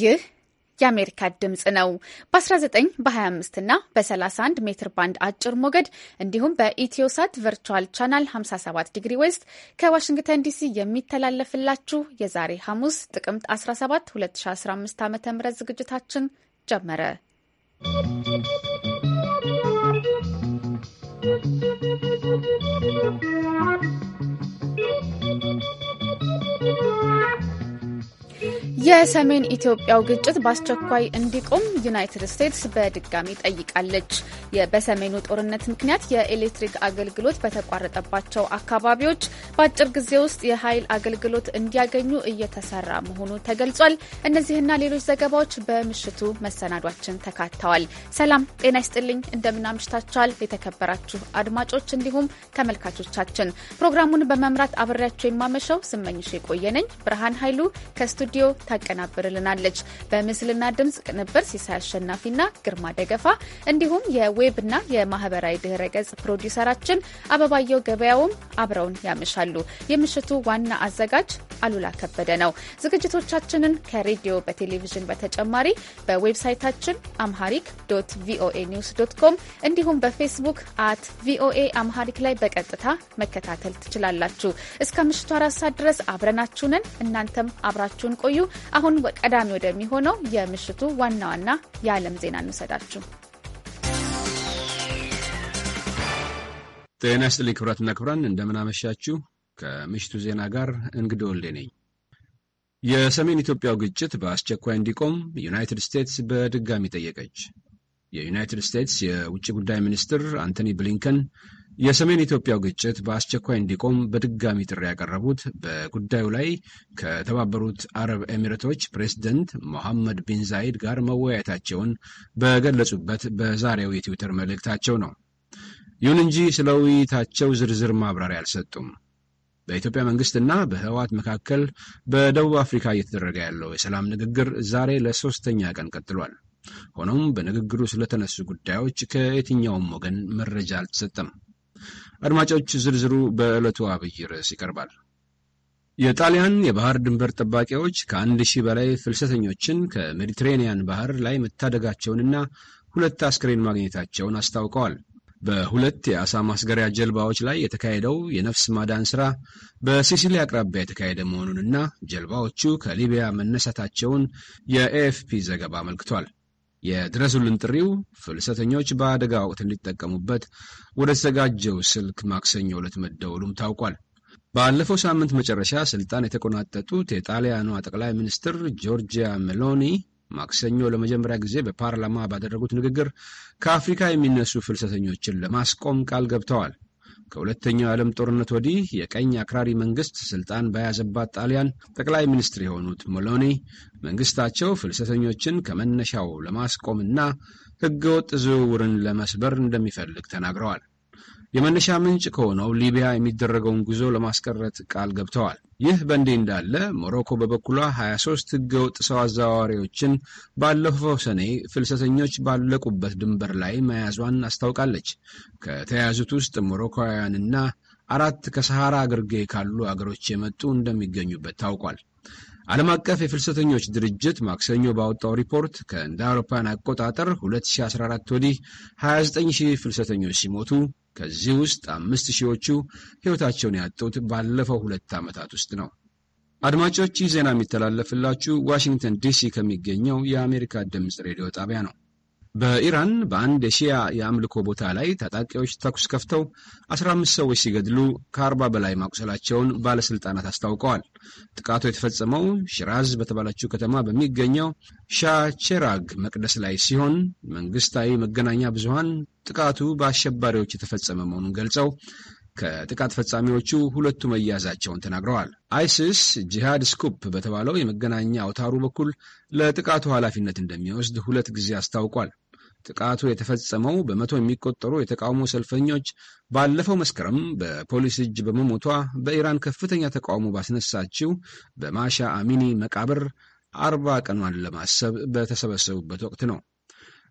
ይህ የአሜሪካ ድምፅ ነው። በ19 በ25 እና በ31 ሜትር ባንድ አጭር ሞገድ እንዲሁም በኢትዮሳት ቨርቹዋል ቻናል 57 ዲግሪ ዌስት ከዋሽንግተን ዲሲ የሚተላለፍላችሁ የዛሬ ሐሙስ ጥቅምት 17 2015 ዓ ም ዝግጅታችን ጀመረ። ¶¶ የሰሜን ኢትዮጵያው ግጭት በአስቸኳይ እንዲቆም ዩናይትድ ስቴትስ በድጋሚ ጠይቃለች። በሰሜኑ ጦርነት ምክንያት የኤሌክትሪክ አገልግሎት በተቋረጠባቸው አካባቢዎች በአጭር ጊዜ ውስጥ የኃይል አገልግሎት እንዲያገኙ እየተሰራ መሆኑ ተገልጿል። እነዚህና ሌሎች ዘገባዎች በምሽቱ መሰናዷችን ተካተዋል። ሰላም ጤና ይስጥልኝ፣ እንደምናምሽታችኋል የተከበራችሁ አድማጮች እንዲሁም ተመልካቾቻችን። ፕሮግራሙን በመምራት አብሬያቸው የማመሸው ስመኝሽ የቆየነኝ ብርሃን ኃይሉ ከስቱዲዮ ታቀናብርልናለች። በምስልና ድምፅ ቅንብር ሲሳይ አሸናፊና ግርማ ደገፋ እንዲሁም የዌብና የማህበራዊ ድህረ ገጽ ፕሮዲውሰራችን አበባየው ገበያውም አብረውን ያመሻሉ። የምሽቱ ዋና አዘጋጅ አሉላ ከበደ ነው። ዝግጅቶቻችንን ከሬዲዮ በቴሌቪዥን በተጨማሪ በዌብሳይታችን አምሃሪክ ዶት ቪኦኤ ኒውስ ዶት ኮም እንዲሁም በፌስቡክ አት ቪኦኤ አምሃሪክ ላይ በቀጥታ መከታተል ትችላላችሁ። እስከ ምሽቱ አራት ሰዓት ድረስ አብረናችሁንን እናንተም አብራችሁን ቆዩ። አሁን ቀዳሚ ወደሚሆነው የምሽቱ ዋና ዋና የዓለም ዜና እንውሰዳችሁ። ጤና ይስጥልኝ ክቡራትና ክቡራን፣ እንደምናመሻችሁ። ከምሽቱ ዜና ጋር እንግዳ ወልዴ ነኝ። የሰሜን ኢትዮጵያው ግጭት በአስቸኳይ እንዲቆም ዩናይትድ ስቴትስ በድጋሚ ጠየቀች። የዩናይትድ ስቴትስ የውጭ ጉዳይ ሚኒስትር አንቶኒ ብሊንከን የሰሜን ኢትዮጵያው ግጭት በአስቸኳይ እንዲቆም በድጋሚ ጥሪ ያቀረቡት በጉዳዩ ላይ ከተባበሩት አረብ ኤሚሬቶች ፕሬዚደንት ሞሐመድ ቢን ዛይድ ጋር መወያየታቸውን በገለጹበት በዛሬው የትዊተር መልእክታቸው ነው። ይሁን እንጂ ስለ ውይይታቸው ዝርዝር ማብራሪያ አልሰጡም። በኢትዮጵያ መንግስትና በህወሓት መካከል በደቡብ አፍሪካ እየተደረገ ያለው የሰላም ንግግር ዛሬ ለሶስተኛ ቀን ቀጥሏል። ሆኖም በንግግሩ ስለተነሱ ጉዳዮች ከየትኛውም ወገን መረጃ አልተሰጠም። አድማጮች፣ ዝርዝሩ በዕለቱ አብይ ርዕስ ይቀርባል። የጣሊያን የባህር ድንበር ጠባቂዎች ከአንድ ሺህ በላይ ፍልሰተኞችን ከሜዲትሬንያን ባህር ላይ መታደጋቸውንና ሁለት አስክሬን ማግኘታቸውን አስታውቀዋል። በሁለት የአሳ ማስገሪያ ጀልባዎች ላይ የተካሄደው የነፍስ ማዳን ሥራ በሲሲሊ አቅራቢያ የተካሄደ መሆኑንና ጀልባዎቹ ከሊቢያ መነሳታቸውን የኤኤፍፒ ዘገባ አመልክቷል። የድረሱልን ጥሪው ፍልሰተኞች በአደጋ ወቅት እንዲጠቀሙበት ወደ ተዘጋጀው ስልክ ማክሰኞ ዕለት መደወሉም ታውቋል። ባለፈው ሳምንት መጨረሻ ስልጣን የተቆናጠጡት የጣሊያኗ ጠቅላይ ሚኒስትር ጆርጂያ ሜሎኒ ማክሰኞ ለመጀመሪያ ጊዜ በፓርላማ ባደረጉት ንግግር ከአፍሪካ የሚነሱ ፍልሰተኞችን ለማስቆም ቃል ገብተዋል። ከሁለተኛው የዓለም ጦርነት ወዲህ የቀኝ አክራሪ መንግስት ስልጣን በያዘባት ጣሊያን ጠቅላይ ሚኒስትር የሆኑት ሞሎኒ መንግስታቸው ፍልሰተኞችን ከመነሻው ለማስቆምና ህገወጥ ዝውውርን ለመስበር እንደሚፈልግ ተናግረዋል። የመነሻ ምንጭ ከሆነው ሊቢያ የሚደረገውን ጉዞ ለማስቀረት ቃል ገብተዋል። ይህ በእንዲህ እንዳለ ሞሮኮ በበኩሏ 23 ህገወጥ ሰው አዘዋዋሪዎችን ባለፈው ሰኔ ፍልሰተኞች ባለቁበት ድንበር ላይ መያዟን አስታውቃለች። ከተያዙት ውስጥ ሞሮኮውያንና አራት ከሰሐራ ግርጌ ካሉ አገሮች የመጡ እንደሚገኙበት ታውቋል። ዓለም አቀፍ የፍልሰተኞች ድርጅት ማክሰኞ ባወጣው ሪፖርት ከእንደ አውሮፓውያን አቆጣጠር 2014 ወዲህ 29 ሺህ ፍልሰተኞች ሲሞቱ ከዚህ ውስጥ አምስት ሺዎቹ ሕይወታቸውን ያጡት ባለፈው ሁለት ዓመታት ውስጥ ነው። አድማጮች ይህ ዜና የሚተላለፍላችሁ ዋሽንግተን ዲሲ ከሚገኘው የአሜሪካ ድምፅ ሬዲዮ ጣቢያ ነው። በኢራን በአንድ የሺያ የአምልኮ ቦታ ላይ ታጣቂዎች ተኩስ ከፍተው 15 ሰዎች ሲገድሉ ከ40 በላይ ማቁሰላቸውን ባለሥልጣናት አስታውቀዋል። ጥቃቱ የተፈጸመው ሽራዝ በተባለችው ከተማ በሚገኘው ሻቼራግ መቅደስ ላይ ሲሆን መንግሥታዊ መገናኛ ብዙሃን ጥቃቱ በአሸባሪዎች የተፈጸመ መሆኑን ገልጸው ከጥቃት ፈጻሚዎቹ ሁለቱ መያዛቸውን ተናግረዋል። አይሲስ ጂሃድ ስኩፕ በተባለው የመገናኛ አውታሩ በኩል ለጥቃቱ ኃላፊነት እንደሚወስድ ሁለት ጊዜ አስታውቋል። ጥቃቱ የተፈጸመው በመቶ የሚቆጠሩ የተቃውሞ ሰልፈኞች ባለፈው መስከረም በፖሊስ እጅ በመሞቷ በኢራን ከፍተኛ ተቃውሞ ባስነሳችው በማሻ አሚኒ መቃብር አርባ ቀኗን ለማሰብ በተሰበሰቡበት ወቅት ነው።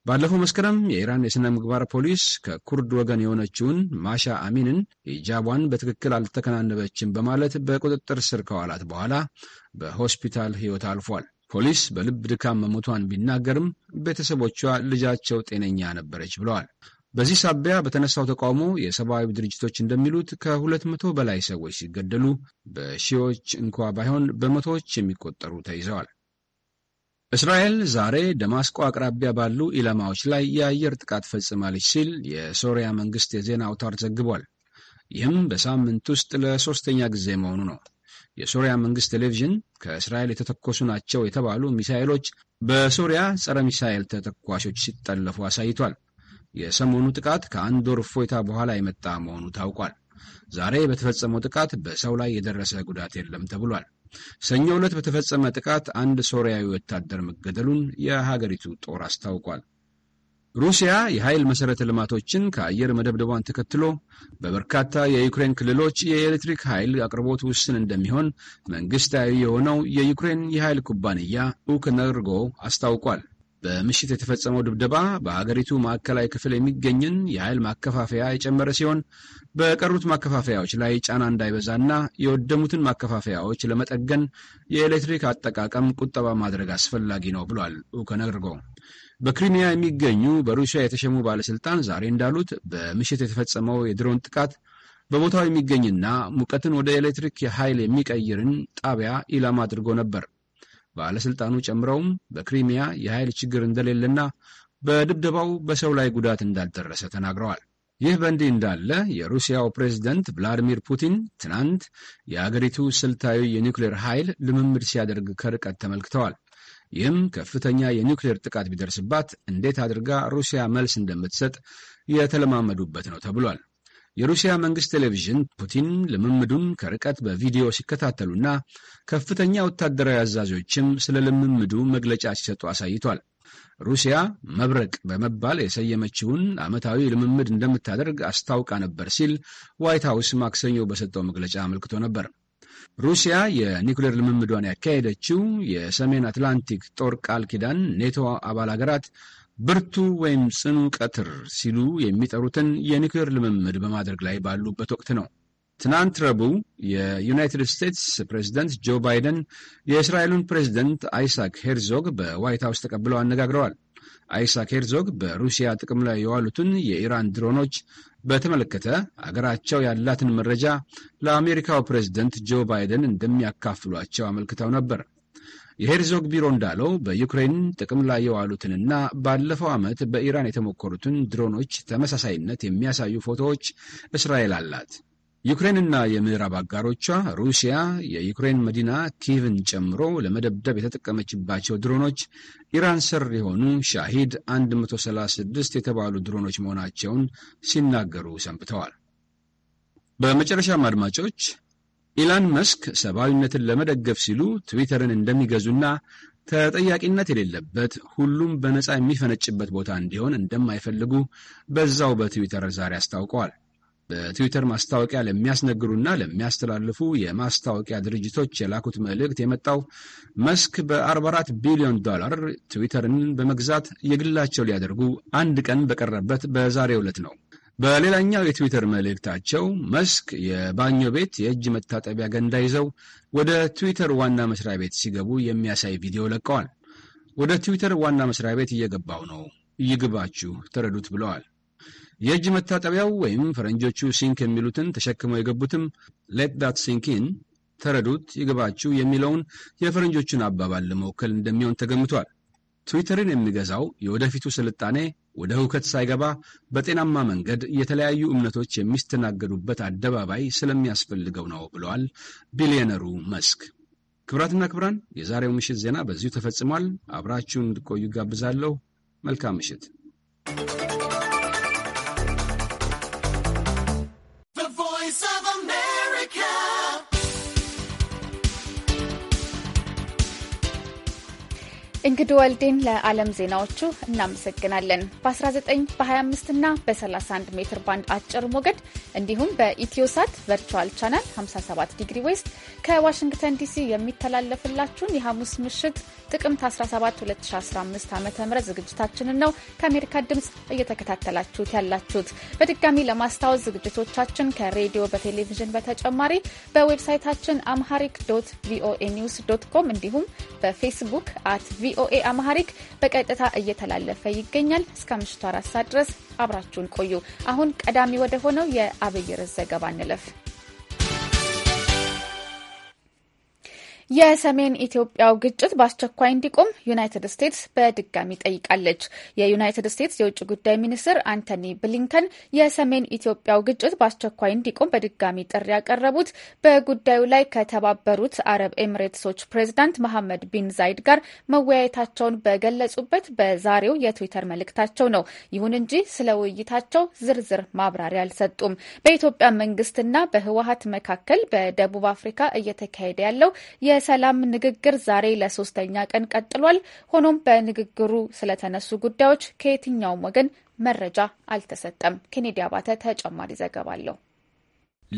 ባለፈው መስከረም የኢራን የሥነ ምግባር ፖሊስ ከኩርድ ወገን የሆነችውን ማሻ አሚንን ሂጃቧን በትክክል አልተከናነበችም በማለት በቁጥጥር ስር ከዋላት በኋላ በሆስፒታል ሕይወት አልፏል። ፖሊስ በልብ ድካም መሞቷን ቢናገርም ቤተሰቦቿ ልጃቸው ጤነኛ ነበረች ብለዋል። በዚህ ሳቢያ በተነሳው ተቃውሞ የሰብአዊ ድርጅቶች እንደሚሉት ከሁለት መቶ በላይ ሰዎች ሲገደሉ በሺዎች እንኳ ባይሆን በመቶዎች የሚቆጠሩ ተይዘዋል። እስራኤል ዛሬ ደማስቆ አቅራቢያ ባሉ ኢላማዎች ላይ የአየር ጥቃት ፈጽማለች ሲል የሶሪያ መንግሥት የዜና አውታር ዘግቧል። ይህም በሳምንት ውስጥ ለሦስተኛ ጊዜ መሆኑ ነው። የሶሪያ መንግስት ቴሌቪዥን ከእስራኤል የተተኮሱ ናቸው የተባሉ ሚሳኤሎች በሶሪያ ጸረ ሚሳኤል ተተኳሾች ሲጠለፉ አሳይቷል። የሰሞኑ ጥቃት ከአንድ ወር እፎይታ በኋላ የመጣ መሆኑ ታውቋል። ዛሬ በተፈጸመው ጥቃት በሰው ላይ የደረሰ ጉዳት የለም ተብሏል። ሰኞ ዕለት በተፈጸመ ጥቃት አንድ ሶሪያዊ ወታደር መገደሉን የሀገሪቱ ጦር አስታውቋል። ሩሲያ የኃይል መሠረተ ልማቶችን ከአየር መደብደቧን ተከትሎ በበርካታ የዩክሬን ክልሎች የኤሌክትሪክ ኃይል አቅርቦት ውስን እንደሚሆን መንግሥታዊ የሆነው የዩክሬን የኃይል ኩባንያ ኡክነርጎ አስታውቋል። በምሽት የተፈጸመው ድብደባ በሀገሪቱ ማዕከላዊ ክፍል የሚገኝን የኃይል ማከፋፈያ የጨመረ ሲሆን በቀሩት ማከፋፈያዎች ላይ ጫና እንዳይበዛና የወደሙትን ማከፋፈያዎች ለመጠገን የኤሌክትሪክ አጠቃቀም ቁጠባ ማድረግ አስፈላጊ ነው ብሏል ኡከነርጎ። በክሪሚያ የሚገኙ በሩሲያ የተሸሙ ባለስልጣን ዛሬ እንዳሉት በምሽት የተፈጸመው የድሮን ጥቃት በቦታው የሚገኝና ሙቀትን ወደ ኤሌክትሪክ ኃይል የሚቀይርን ጣቢያ ኢላማ አድርጎ ነበር። ባለስልጣኑ ጨምረውም በክሪሚያ የኃይል ችግር እንደሌለና በድብደባው በሰው ላይ ጉዳት እንዳልደረሰ ተናግረዋል። ይህ በእንዲህ እንዳለ የሩሲያው ፕሬዝደንት ቭላዲሚር ፑቲን ትናንት የአገሪቱ ስልታዊ የኒውክሌር ኃይል ልምምድ ሲያደርግ ከርቀት ተመልክተዋል። ይህም ከፍተኛ የኒውክሌር ጥቃት ቢደርስባት እንዴት አድርጋ ሩሲያ መልስ እንደምትሰጥ የተለማመዱበት ነው ተብሏል። የሩሲያ መንግሥት ቴሌቪዥን ፑቲን ልምምዱን ከርቀት በቪዲዮ ሲከታተሉና ከፍተኛ ወታደራዊ አዛዦችም ስለ ልምምዱ መግለጫ ሲሰጡ አሳይቷል። ሩሲያ መብረቅ በመባል የሰየመችውን ዓመታዊ ልምምድ እንደምታደርግ አስታውቃ ነበር ሲል ዋይት ሀውስ ማክሰኞ በሰጠው መግለጫ አመልክቶ ነበር። ሩሲያ የኒውክሌር ልምምዷን ያካሄደችው የሰሜን አትላንቲክ ጦር ቃል ኪዳን ኔቶ አባል ሀገራት ብርቱ ወይም ጽኑ ቀትር ሲሉ የሚጠሩትን የኒውክሌር ልምምድ በማድረግ ላይ ባሉበት ወቅት ነው። ትናንት ረቡዕ የዩናይትድ ስቴትስ ፕሬዚደንት ጆ ባይደን የእስራኤሉን ፕሬዚደንት አይሳክ ሄርዞግ በዋይት ሀውስ ተቀብለው አነጋግረዋል። አይሳክ ሄርዞግ በሩሲያ ጥቅም ላይ የዋሉትን የኢራን ድሮኖች በተመለከተ አገራቸው ያላትን መረጃ ለአሜሪካው ፕሬዝደንት ጆ ባይደን እንደሚያካፍሏቸው አመልክተው ነበር። የሄርዞግ ቢሮ እንዳለው በዩክሬን ጥቅም ላይ የዋሉትንና ባለፈው ዓመት በኢራን የተሞከሩትን ድሮኖች ተመሳሳይነት የሚያሳዩ ፎቶዎች እስራኤል አላት። ዩክሬንና የምዕራብ አጋሮቿ ሩሲያ የዩክሬን መዲና ኪቭን ጨምሮ ለመደብደብ የተጠቀመችባቸው ድሮኖች ኢራን ስር የሆኑ ሻሂድ 136 የተባሉ ድሮኖች መሆናቸውን ሲናገሩ ሰንብተዋል። በመጨረሻም አድማጮች ኢላን መስክ ሰብአዊነትን ለመደገፍ ሲሉ ትዊተርን እንደሚገዙና ተጠያቂነት የሌለበት ሁሉም በነፃ የሚፈነጭበት ቦታ እንዲሆን እንደማይፈልጉ በዛው በትዊተር ዛሬ አስታውቀዋል። በትዊተር ማስታወቂያ ለሚያስነግሩና ለሚያስተላልፉ የማስታወቂያ ድርጅቶች የላኩት መልእክት የመጣው መስክ በ44 ቢሊዮን ዶላር ትዊተርን በመግዛት የግላቸው ሊያደርጉ አንድ ቀን በቀረበት በዛሬው ዕለት ነው። በሌላኛው የትዊተር መልእክታቸው መስክ የባኞ ቤት የእጅ መታጠቢያ ገንዳ ይዘው ወደ ትዊተር ዋና መስሪያ ቤት ሲገቡ የሚያሳይ ቪዲዮ ለቀዋል። ወደ ትዊተር ዋና መስሪያ ቤት እየገባው ነው፣ ይግባችሁ፣ ተረዱት ብለዋል። የእጅ መታጠቢያው ወይም ፈረንጆቹ ሲንክ የሚሉትን ተሸክመው የገቡትም ሌት ዳት ሲንኪን ተረዱት ይግባችሁ የሚለውን የፈረንጆቹን አባባል ለመወከል እንደሚሆን ተገምቷል። ትዊተርን የሚገዛው የወደፊቱ ስልጣኔ ወደ ሁከት ሳይገባ በጤናማ መንገድ የተለያዩ እምነቶች የሚስተናገዱበት አደባባይ ስለሚያስፈልገው ነው ብለዋል ቢሊዮነሩ መስክ። ክብራትና ክብራን፣ የዛሬው ምሽት ዜና በዚሁ ተፈጽሟል። አብራችሁን እንድቆዩ ጋብዛለሁ። መልካም ምሽት። እንግዲህ ወልዴን ለዓለም ዜናዎቹ እናመሰግናለን። በ19 በ25 እና በ31 ሜትር ባንድ አጭር ሞገድ እንዲሁም በኢትዮሳት ቨርቹዋል ቻናል 57 ዲግሪ ዌስት ከዋሽንግተን ዲሲ የሚተላለፍላችሁን የሐሙስ ምሽት ጥቅምት 17 2015 ዓ ም ዝግጅታችንን ነው ከአሜሪካ ድምፅ እየተከታተላችሁት ያላችሁት። በድጋሚ ለማስታወስ ዝግጅቶቻችን ከሬዲዮ በቴሌቪዥን በተጨማሪ በዌብሳይታችን አምሃሪክ ዶት ቪኦኤ ኒውስ ዶት ኮም እንዲሁም በፌስቡክ አት ቪ ቪኦኤ አማሐሪክ በቀጥታ እየተላለፈ ይገኛል። እስከ ምሽቱ አራት ሰዓት ድረስ አብራችሁን ቆዩ። አሁን ቀዳሚ ወደ ሆነው የአብይ ርዕስ ዘገባ እንለፍ። የሰሜን ኢትዮጵያው ግጭት በአስቸኳይ እንዲቆም ዩናይትድ ስቴትስ በድጋሚ ጠይቃለች። የዩናይትድ ስቴትስ የውጭ ጉዳይ ሚኒስትር አንቶኒ ብሊንከን የሰሜን ኢትዮጵያው ግጭት በአስቸኳይ እንዲቆም በድጋሚ ጥሪ ያቀረቡት በጉዳዩ ላይ ከተባበሩት አረብ ኤምሬትሶች ፕሬዚዳንት መሐመድ ቢን ዛይድ ጋር መወያየታቸውን በገለጹበት በዛሬው የትዊተር መልእክታቸው ነው። ይሁን እንጂ ስለ ውይይታቸው ዝርዝር ማብራሪያ አልሰጡም። በኢትዮጵያ መንግስትና በህወሀት መካከል በደቡብ አፍሪካ እየተካሄደ ያለው የ የሰላም ንግግር ዛሬ ለሶስተኛ ቀን ቀጥሏል። ሆኖም በንግግሩ ስለተነሱ ጉዳዮች ከየትኛውም ወገን መረጃ አልተሰጠም። ኬኔዲ አባተ ተጨማሪ ዘገባ አለው።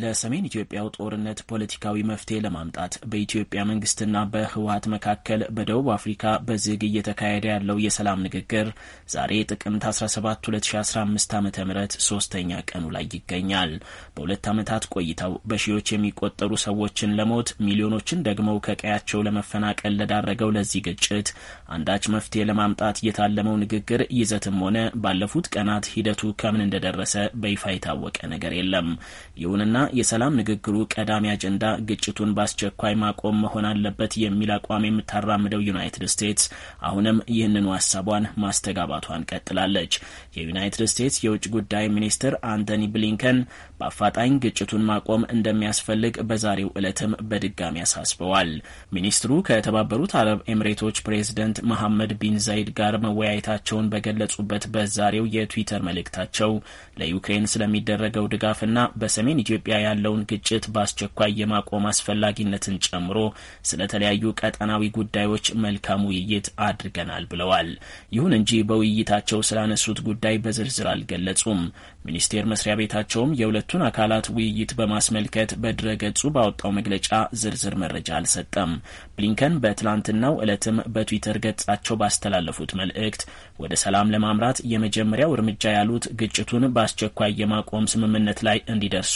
ለሰሜን ኢትዮጵያው ጦርነት ፖለቲካዊ መፍትሄ ለማምጣት በኢትዮጵያ መንግስትና በህወሀት መካከል በደቡብ አፍሪካ በዝግ እየተካሄደ ያለው የሰላም ንግግር ዛሬ ጥቅምት 17 2015 ዓ ም ሶስተኛ ቀኑ ላይ ይገኛል። በሁለት ዓመታት ቆይታው በሺዎች የሚቆጠሩ ሰዎችን ለሞት ሚሊዮኖችን ደግሞ ከቀያቸው ለመፈናቀል ለዳረገው ለዚህ ግጭት አንዳች መፍትሄ ለማምጣት የታለመው ንግግር ይዘትም ሆነ ባለፉት ቀናት ሂደቱ ከምን እንደደረሰ በይፋ የታወቀ ነገር የለም። ይሁንና የሰላም ንግግሩ ቀዳሚ አጀንዳ ግጭቱን በአስቸኳይ ማቆም መሆን አለበት የሚል አቋም የምታራምደው ዩናይትድ ስቴትስ አሁንም ይህንኑ ሀሳቧን ማስተጋባቷን ቀጥላለች። የዩናይትድ ስቴትስ የውጭ ጉዳይ ሚኒስትር አንቶኒ ብሊንከን በአፋጣኝ ግጭቱን ማቆም እንደሚያስፈልግ በዛሬው ዕለትም በድጋሚ አሳስበዋል። ሚኒስትሩ ከተባበሩት አረብ ኤምሬቶች ፕሬዝደንት መሐመድ ቢን ዛይድ ጋር መወያየታቸውን በገለጹበት በዛሬው የትዊተር መልእክታቸው ለዩክሬን ስለሚደረገው ድጋፍና በሰሜን ኢትዮጵያ ያለውን ግጭት በአስቸኳይ የማቆም አስፈላጊነትን ጨምሮ ስለተለያዩ ቀጠናዊ ጉዳዮች መልካም ውይይት አድርገናል ብለዋል። ይሁን እንጂ በውይይታቸው ስላነሱት ጉዳይ በዝርዝር አልገለጹም። ሚኒስቴር መስሪያ ቤታቸውም የሁለቱን አካላት ውይይት በማስመልከት በድረ ገጹ ባወጣው መግለጫ ዝርዝር መረጃ አልሰጠም። ብሊንከን በትላንትናው ዕለትም በትዊተር ገጻቸው ባስተላለፉት መልእክት ወደ ሰላም ለማምራት የመጀመሪያው እርምጃ ያሉት ግጭቱን በአስቸኳይ የማቆም ስምምነት ላይ እንዲደርሱ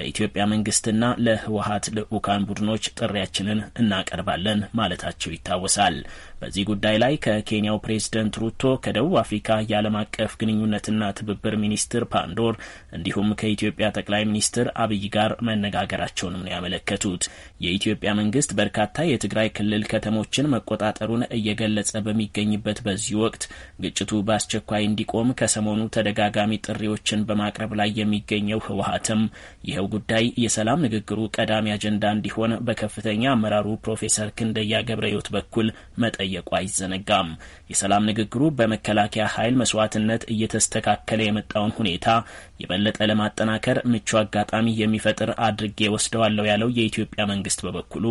ለኢትዮጵያ መንግስትና ለህወሀት ልዑካን ቡድኖች ጥሪያችንን እናቀርባለን ማለታቸው ይታወሳል። በዚህ ጉዳይ ላይ ከኬንያው ፕሬዝደንት ሩቶ፣ ከደቡብ አፍሪካ የዓለም አቀፍ ግንኙነትና ትብብር ሚኒስትር ፓንዶር እንዲሁም ከኢትዮጵያ ጠቅላይ ሚኒስትር አብይ ጋር መነጋገራቸውንም ነው ያመለከቱት። የኢትዮጵያ መንግስት በርካታ የትግ የትግራይ ክልል ከተሞችን መቆጣጠሩን እየገለጸ በሚገኝበት በዚህ ወቅት ግጭቱ በአስቸኳይ እንዲቆም ከሰሞኑ ተደጋጋሚ ጥሪዎችን በማቅረብ ላይ የሚገኘው ህወሀትም ይኸው ጉዳይ የሰላም ንግግሩ ቀዳሚ አጀንዳ እንዲሆን በከፍተኛ አመራሩ ፕሮፌሰር ክንደያ ገብረዮት በኩል መጠየቁ አይዘነጋም። የሰላም ንግግሩ በመከላከያ ኃይል መስዋዕትነት እየተስተካከለ የመጣውን ሁኔታ የበለጠ ለማጠናከር ምቹ አጋጣሚ የሚፈጥር አድርጌ ወስደዋለሁ ያለው የኢትዮጵያ መንግስት በበኩሉ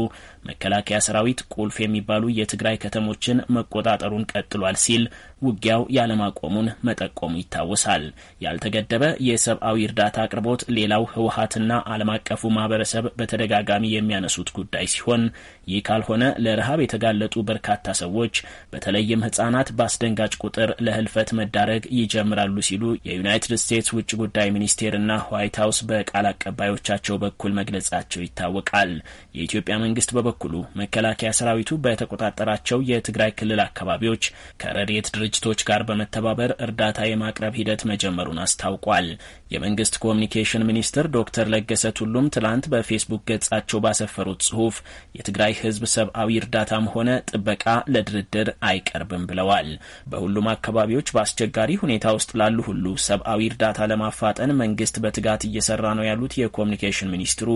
መከላከያ ሰራዊት ቁልፍ የሚባሉ የትግራይ ከተሞችን መቆጣጠሩን ቀጥሏል ሲል ውጊያው ያለማቆሙን መጠቆሙ ይታወሳል። ያልተገደበ የሰብአዊ እርዳታ አቅርቦት ሌላው ህወሀትና ዓለም አቀፉ ማህበረሰብ በተደጋጋሚ የሚያነሱት ጉዳይ ሲሆን ይህ ካልሆነ ለረሃብ የተጋለጡ በርካታ ሰዎች በተለይም ህጻናት በአስደንጋጭ ቁጥር ለህልፈት መዳረግ ይጀምራሉ ሲሉ የዩናይትድ ስቴትስ ውጭ ጉዳይ ሚኒስቴርና ዋይት ሀውስ በቃል አቀባዮቻቸው በኩል መግለጻቸው ይታወቃል። የኢትዮጵያ መንግስት በበኩሉ መከላከያ ሰራዊቱ በተቆጣጠራቸው የትግራይ ክልል አካባቢዎች ከረድኤት ድርጅ ድርጅቶች ጋር በመተባበር እርዳታ የማቅረብ ሂደት መጀመሩን አስታውቋል። የመንግስት ኮሚኒኬሽን ሚኒስትር ዶክተር ለገሰ ቱሉም ትላንት በፌስቡክ ገጻቸው ባሰፈሩት ጽሁፍ የትግራይ ህዝብ ሰብአዊ እርዳታም ሆነ ጥበቃ ለድርድር አይቀርብም ብለዋል። በሁሉም አካባቢዎች በአስቸጋሪ ሁኔታ ውስጥ ላሉ ሁሉ ሰብአዊ እርዳታ ለማፋጠን መንግስት በትጋት እየሰራ ነው ያሉት የኮሚኒኬሽን ሚኒስትሩ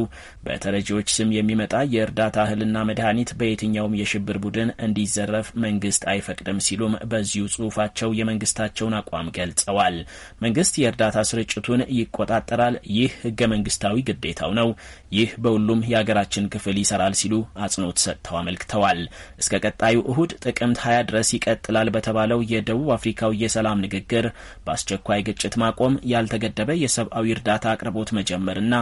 በተረጂዎች ስም የሚመጣ የእርዳታ እህልና መድኃኒት በየትኛውም የሽብር ቡድን እንዲዘረፍ መንግስት አይፈቅድም ሲሉም በዚሁ በጽሁፋቸው የመንግስታቸውን አቋም ገልጸዋል። መንግስት የእርዳታ ስርጭቱን ይቆጣጠራል። ይህ ህገ መንግስታዊ ግዴታው ነው። ይህ በሁሉም የሀገራችን ክፍል ይሰራል ሲሉ አጽንኦት ሰጥተው አመልክተዋል። እስከ ቀጣዩ እሁድ ጥቅምት 20 ድረስ ይቀጥላል በተባለው የደቡብ አፍሪካው የሰላም ንግግር በአስቸኳይ ግጭት ማቆም፣ ያልተገደበ የሰብአዊ እርዳታ አቅርቦት መጀመርና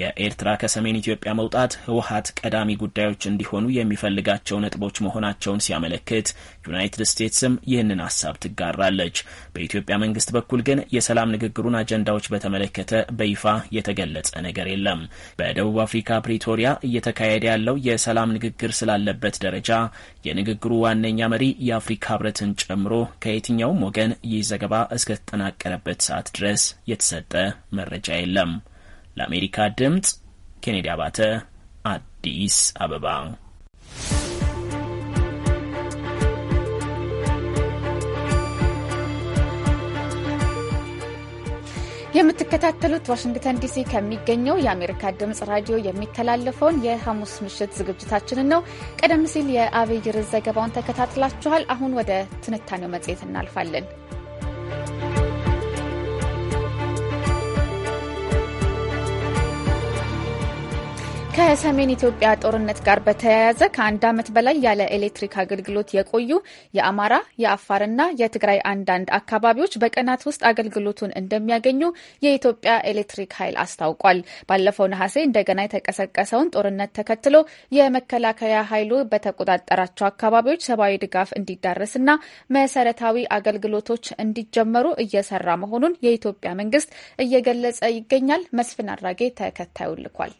የኤርትራ ከሰሜን ኢትዮጵያ መውጣት ህወሀት ቀዳሚ ጉዳዮች እንዲሆኑ የሚፈልጋቸው ነጥቦች መሆናቸውን ሲያመለክት ዩናይትድ ስቴትስም ይህንን ሀሳብ ትጋራለች። በኢትዮጵያ መንግስት በኩል ግን የሰላም ንግግሩን አጀንዳዎች በተመለከተ በይፋ የተገለጸ ነገር የለም። በደቡብ አፍሪካ ፕሪቶሪያ እየተካሄደ ያለው የሰላም ንግግር ስላለበት ደረጃ የንግግሩ ዋነኛ መሪ የአፍሪካ ህብረትን ጨምሮ ከየትኛውም ወገን ይህ ዘገባ እስከተጠናቀረበት ሰዓት ድረስ የተሰጠ መረጃ የለም። ለአሜሪካ ድምፅ ኬኔዲ አባተ አዲስ አበባ። የምትከታተሉት ዋሽንግተን ዲሲ ከሚገኘው የአሜሪካ ድምጽ ራዲዮ የሚተላለፈውን የሐሙስ ምሽት ዝግጅታችንን ነው። ቀደም ሲል የአብይር ዘገባውን ተከታትላችኋል። አሁን ወደ ትንታኔው መጽሔት እናልፋለን። ከሰሜን ኢትዮጵያ ጦርነት ጋር በተያያዘ ከአንድ ዓመት በላይ ያለ ኤሌክትሪክ አገልግሎት የቆዩ የአማራ የአፋርና የትግራይ አንዳንድ አካባቢዎች በቀናት ውስጥ አገልግሎቱን እንደሚያገኙ የኢትዮጵያ ኤሌክትሪክ ኃይል አስታውቋል። ባለፈው ነሐሴ እንደገና የተቀሰቀሰውን ጦርነት ተከትሎ የመከላከያ ኃይሉ በተቆጣጠራቸው አካባቢዎች ሰብአዊ ድጋፍ እንዲዳረስና መሰረታዊ አገልግሎቶች እንዲጀመሩ እየሰራ መሆኑን የኢትዮጵያ መንግስት እየገለጸ ይገኛል። መስፍን አድራጌ ተከታዩ ልኳል።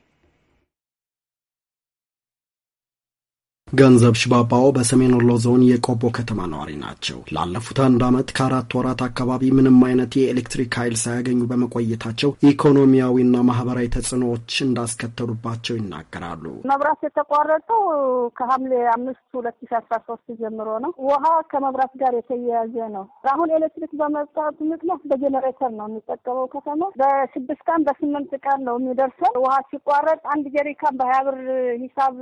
ገንዘብ ሽባባው በሰሜን ወሎ ዞን የቆቦ ከተማ ነዋሪ ናቸው። ላለፉት አንድ ዓመት ከአራት ወራት አካባቢ ምንም አይነት የኤሌክትሪክ ኃይል ሳያገኙ በመቆየታቸው ኢኮኖሚያዊና ማህበራዊ ተጽዕኖዎች እንዳስከተሉባቸው ይናገራሉ። መብራት የተቋረጠው ከሐምሌ አምስት ሁለት ሺ አስራ ሶስት ጀምሮ ነው። ውሃ ከመብራት ጋር የተያያዘ ነው። አሁን ኤሌክትሪክ በመብጣቱ ምክንያት በጀኔሬተር ነው የሚጠቀመው ከተማ። በስድስት ቀን በስምንት ቀን ነው የሚደርሰው። ውሃ ሲቋረጥ አንድ ጀሪካን በሀያ ብር ሂሳብ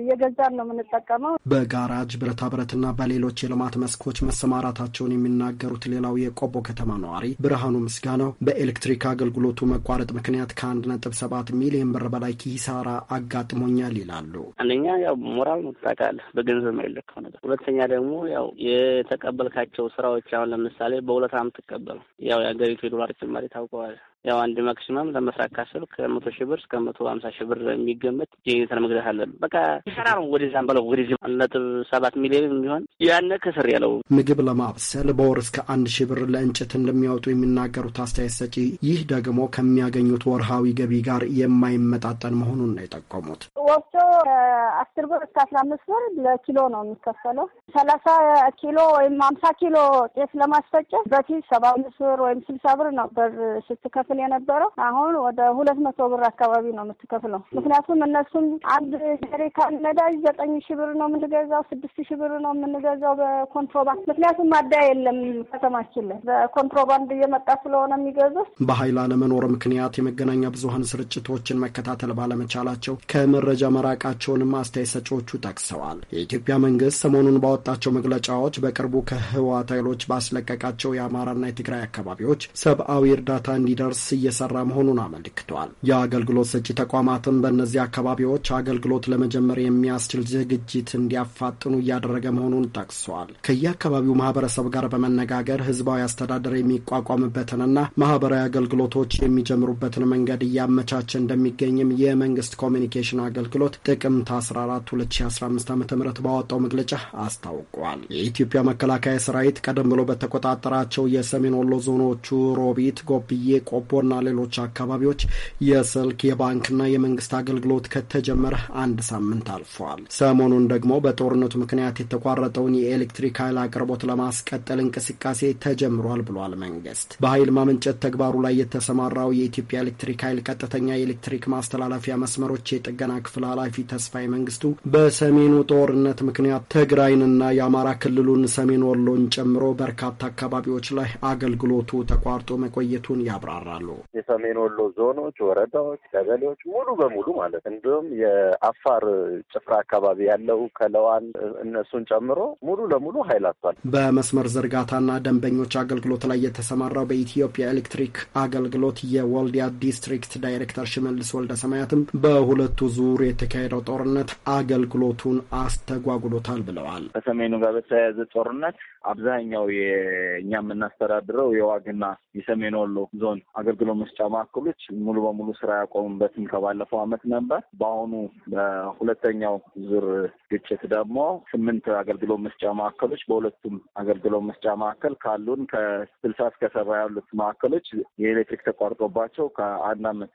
እየገዛ በጣም ነው የምንጠቀመው። በጋራጅ ብረታ ብረትና በሌሎች የልማት መስኮች መሰማራታቸውን የሚናገሩት ሌላው የቆቦ ከተማ ነዋሪ ብርሃኑ ምስጋናው በኤሌክትሪክ አገልግሎቱ መቋረጥ ምክንያት ከአንድ ነጥብ ሰባት ሚሊዮን ብር በላይ ኪሳራ አጋጥሞኛል ይላሉ። አንደኛ ያው ሞራል ነው በገንዘብ ነው ነገር። ሁለተኛ ደግሞ ያው የተቀበልካቸው ስራዎች አሁን ለምሳሌ በሁለት ምትቀበለው ያው የሀገሪቱ የዶላር ጭማሪ ታውቀዋል ያው አንድ ማክሲማም ለመስራት ካሰብ ከመቶ ሺህ ብር እስከ መቶ ሀምሳ ሺህ ብር የሚገመት ጄኔተር መግዛት አለ። በቃ ሰራ ነው። ወደዛም በለው ወደዚህ ነጥብ ሰባት ሚሊዮን የሚሆን ያነ ከስር ያለው ምግብ ለማብሰል በወር እስከ አንድ ሺህ ብር ለእንጨት እንደሚያወጡ የሚናገሩት አስተያየት ሰጪ፣ ይህ ደግሞ ከሚያገኙት ወርሃዊ ገቢ ጋር የማይመጣጠን መሆኑን ነው የጠቆሙት። ወፍጮ አስር ብር እስከ አስራ አምስት ብር ለኪሎ ነው የሚከፈለው። ሰላሳ ኪሎ ወይም ሀምሳ ኪሎ ጤፍ ለማስፈጨት በፊት ሰባ አምስት ብር ወይም ስልሳ ብር ነበር ስትከፍል ትከፍል የነበረው አሁን ወደ ሁለት መቶ ብር አካባቢ ነው የምትከፍለው። ምክንያቱም እነሱም አንድ ጀሪካን ነዳጅ ዘጠኝ ሺ ብር ነው የምንገዛው፣ ስድስት ሺ ብር ነው የምንገዛው በኮንትሮባንድ። ምክንያቱም ማደያ የለም ከተማችን ላይ በኮንትሮባንድ እየመጣ ስለሆነ የሚገዙት። በኃይል አለመኖር ምክንያት የመገናኛ ብዙሀን ስርጭቶችን መከታተል ባለመቻላቸው ከመረጃ መራቃቸውንም አስተያየት ሰጪዎቹ ጠቅሰዋል። የኢትዮጵያ መንግስት ሰሞኑን ባወጣቸው መግለጫዎች በቅርቡ ከህወሓት ኃይሎች ባስለቀቃቸው የአማራና የትግራይ አካባቢዎች ሰብአዊ እርዳታ እንዲደርስ ስ እየሰራ መሆኑን አመልክተዋል። የአገልግሎት ሰጪ ተቋማትም በእነዚህ አካባቢዎች አገልግሎት ለመጀመር የሚያስችል ዝግጅት እንዲያፋጥኑ እያደረገ መሆኑን ጠቅሷል። ከየአካባቢው ማህበረሰብ ጋር በመነጋገር ህዝባዊ አስተዳደር የሚቋቋምበትንና ማህበራዊ አገልግሎቶች የሚጀምሩበትን መንገድ እያመቻቸ እንደሚገኝም የመንግስት ኮሚኒኬሽን አገልግሎት ጥቅምት 14 2015 ዓ ም ባወጣው መግለጫ አስታውቋል። የኢትዮጵያ መከላከያ ሰራዊት ቀደም ብሎ በተቆጣጠራቸው የሰሜን ወሎ ዞኖቹ ሮቢት፣ ጎብዬ፣ ቆቦ ኦሮፖና ሌሎች አካባቢዎች የስልክ የባንክና የመንግስት አገልግሎት ከተጀመረ አንድ ሳምንት አልፏል። ሰሞኑን ደግሞ በጦርነቱ ምክንያት የተቋረጠውን የኤሌክትሪክ ኃይል አቅርቦት ለማስቀጠል እንቅስቃሴ ተጀምሯል ብሏል መንግስት። በኃይል ማመንጨት ተግባሩ ላይ የተሰማራው የኢትዮጵያ ኤሌክትሪክ ኃይል ቀጥተኛ የኤሌክትሪክ ማስተላለፊያ መስመሮች የጥገና ክፍል ኃላፊ ተስፋዬ መንግስቱ በሰሜኑ ጦርነት ምክንያት ትግራይንና የአማራ ክልሉን ሰሜን ወሎን ጨምሮ በርካታ አካባቢዎች ላይ አገልግሎቱ ተቋርጦ መቆየቱን ያብራራል። ይገኛሉ። የሰሜን ወሎ ዞኖች፣ ወረዳዎች፣ ቀበሌዎች ሙሉ በሙሉ ማለት እንዲሁም የአፋር ጭፍራ አካባቢ ያለው ከለዋን እነሱን ጨምሮ ሙሉ ለሙሉ ኃይል አጥቷል። በመስመር ዝርጋታና ደንበኞች አገልግሎት ላይ የተሰማራው በኢትዮጵያ ኤሌክትሪክ አገልግሎት የወልዲያ ዲስትሪክት ዳይሬክተር ሽመልስ ወልደ ሰማያትም በሁለቱ ዙር የተካሄደው ጦርነት አገልግሎቱን አስተጓጉሎታል ብለዋል። ከሰሜኑ ጋር በተያያዘ ጦርነት አብዛኛው የእኛ የምናስተዳድረው የዋግና የሰሜን ወሎ ዞን አገልግሎት መስጫ ማዕከሎች ሙሉ በሙሉ ስራ ያቆሙበትም ከባለፈው አመት ነበር። በአሁኑ በሁለተኛው ዙር ግጭት ደግሞ ስምንት አገልግሎት መስጫ ማዕከሎች በሁለቱም አገልግሎት መስጫ ማዕከል ካሉን ከስልሳ እስከ ሰባ ያሉት ማዕከሎች የኤሌክትሪክ ተቋርጦባቸው ከአንድ አመት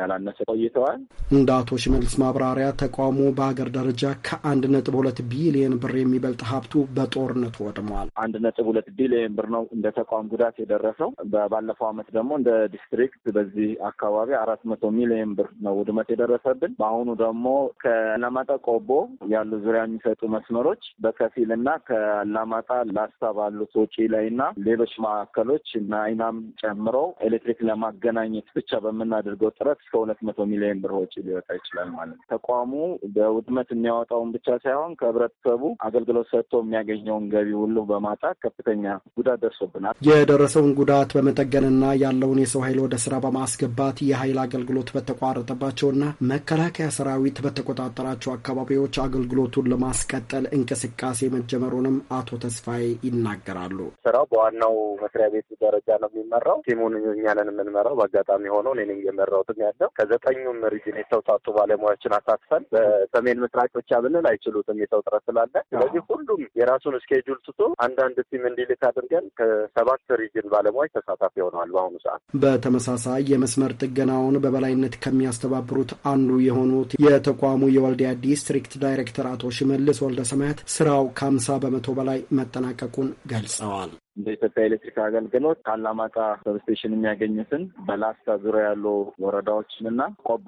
ያላነሰ ቆይተዋል። እንደ አቶ ሽመልስ ማብራሪያ ተቋሙ በሀገር ደረጃ ከአንድ ነጥብ ሁለት ቢሊየን ብር የሚበልጥ ሀብቱ በጦርነቱ ወድሟል። አንድ ነጥብ ሁለት ቢሊዮን ብር ነው እንደ ተቋም ጉዳት የደረሰው። ባለፈው አመት ደግሞ እንደ ዲስትሪክት በዚህ አካባቢ አራት መቶ ሚሊዮን ብር ነው ውድመት የደረሰብን። በአሁኑ ደግሞ ከአላማጣ ቆቦ ያሉ ዙሪያ የሚሰጡ መስመሮች በከፊል እና ከአላማጣ ላስታ ባሉት ወጪ ላይ እና ሌሎች ማዕከሎች እና አይናም ጨምሮ ኤሌክትሪክ ለማገናኘት ብቻ በምናደርገው ጥረት እስከ ሁለት መቶ ሚሊዮን ብር ወጪ ሊወጣ ይችላል ማለት ነው። ተቋሙ በውድመት የሚያወጣውን ብቻ ሳይሆን ከህብረተሰቡ አገልግሎት ሰጥቶ የሚያገኘውን ገቢ ሁሉ በማጣት ከፍተኛ ጉዳት ደርሶብናል። የደረሰውን ጉዳት በመጠገንና ያለውን የሰው ኃይል ወደ ስራ በማስገባት የኃይል አገልግሎት በተቋረጠባቸውና መከላከያ ሰራዊት በተቆጣጠራቸው አካባቢዎች አገልግሎቱን ለማስቀጠል እንቅስቃሴ መጀመሩንም አቶ ተስፋዬ ይናገራሉ። ስራው በዋናው መስሪያ ቤት ደረጃ ነው የሚመራው። ቲሙን እኛንን የምንመራው። በአጋጣሚ ሆነው እኔ እየመራሁትም ያለው ከዘጠኙም ሪጅን የተውጣጡ ባለሙያዎችን አሳትፈን በሰሜን ምስራቅ ብቻ ብንል አይችሉትም፣ የሰው ጥረት ስላለ። ስለዚህ ሁሉም የራሱን ስኬጁል ትቶ አንዳንድ ቲም እንዲልክ አድርገን ከሰባት ሪጅን ባለሙያዎች ተሳታፊ ሆነዋል። በአሁኑ ሰዓት በተመሳሳይ የመስመር ጥገናውን በበላይነት ከሚያስተባብሩት አንዱ የሆኑት የተቋሙ የወልዲያ ዲስትሪክት ዳይሬክተር አቶ ሽመልስ ወልደ ሰማያት ስራው ከሀምሳ በመቶ በላይ መጠናቀቁን ገልጸዋል። እንደ ኢትዮጵያ ኤሌክትሪክ አገልግሎት ካላማጣ ሰብስቴሽን የሚያገኙትን በላስታ ዙሪያ ያሉ ወረዳዎችን እና ቆቦ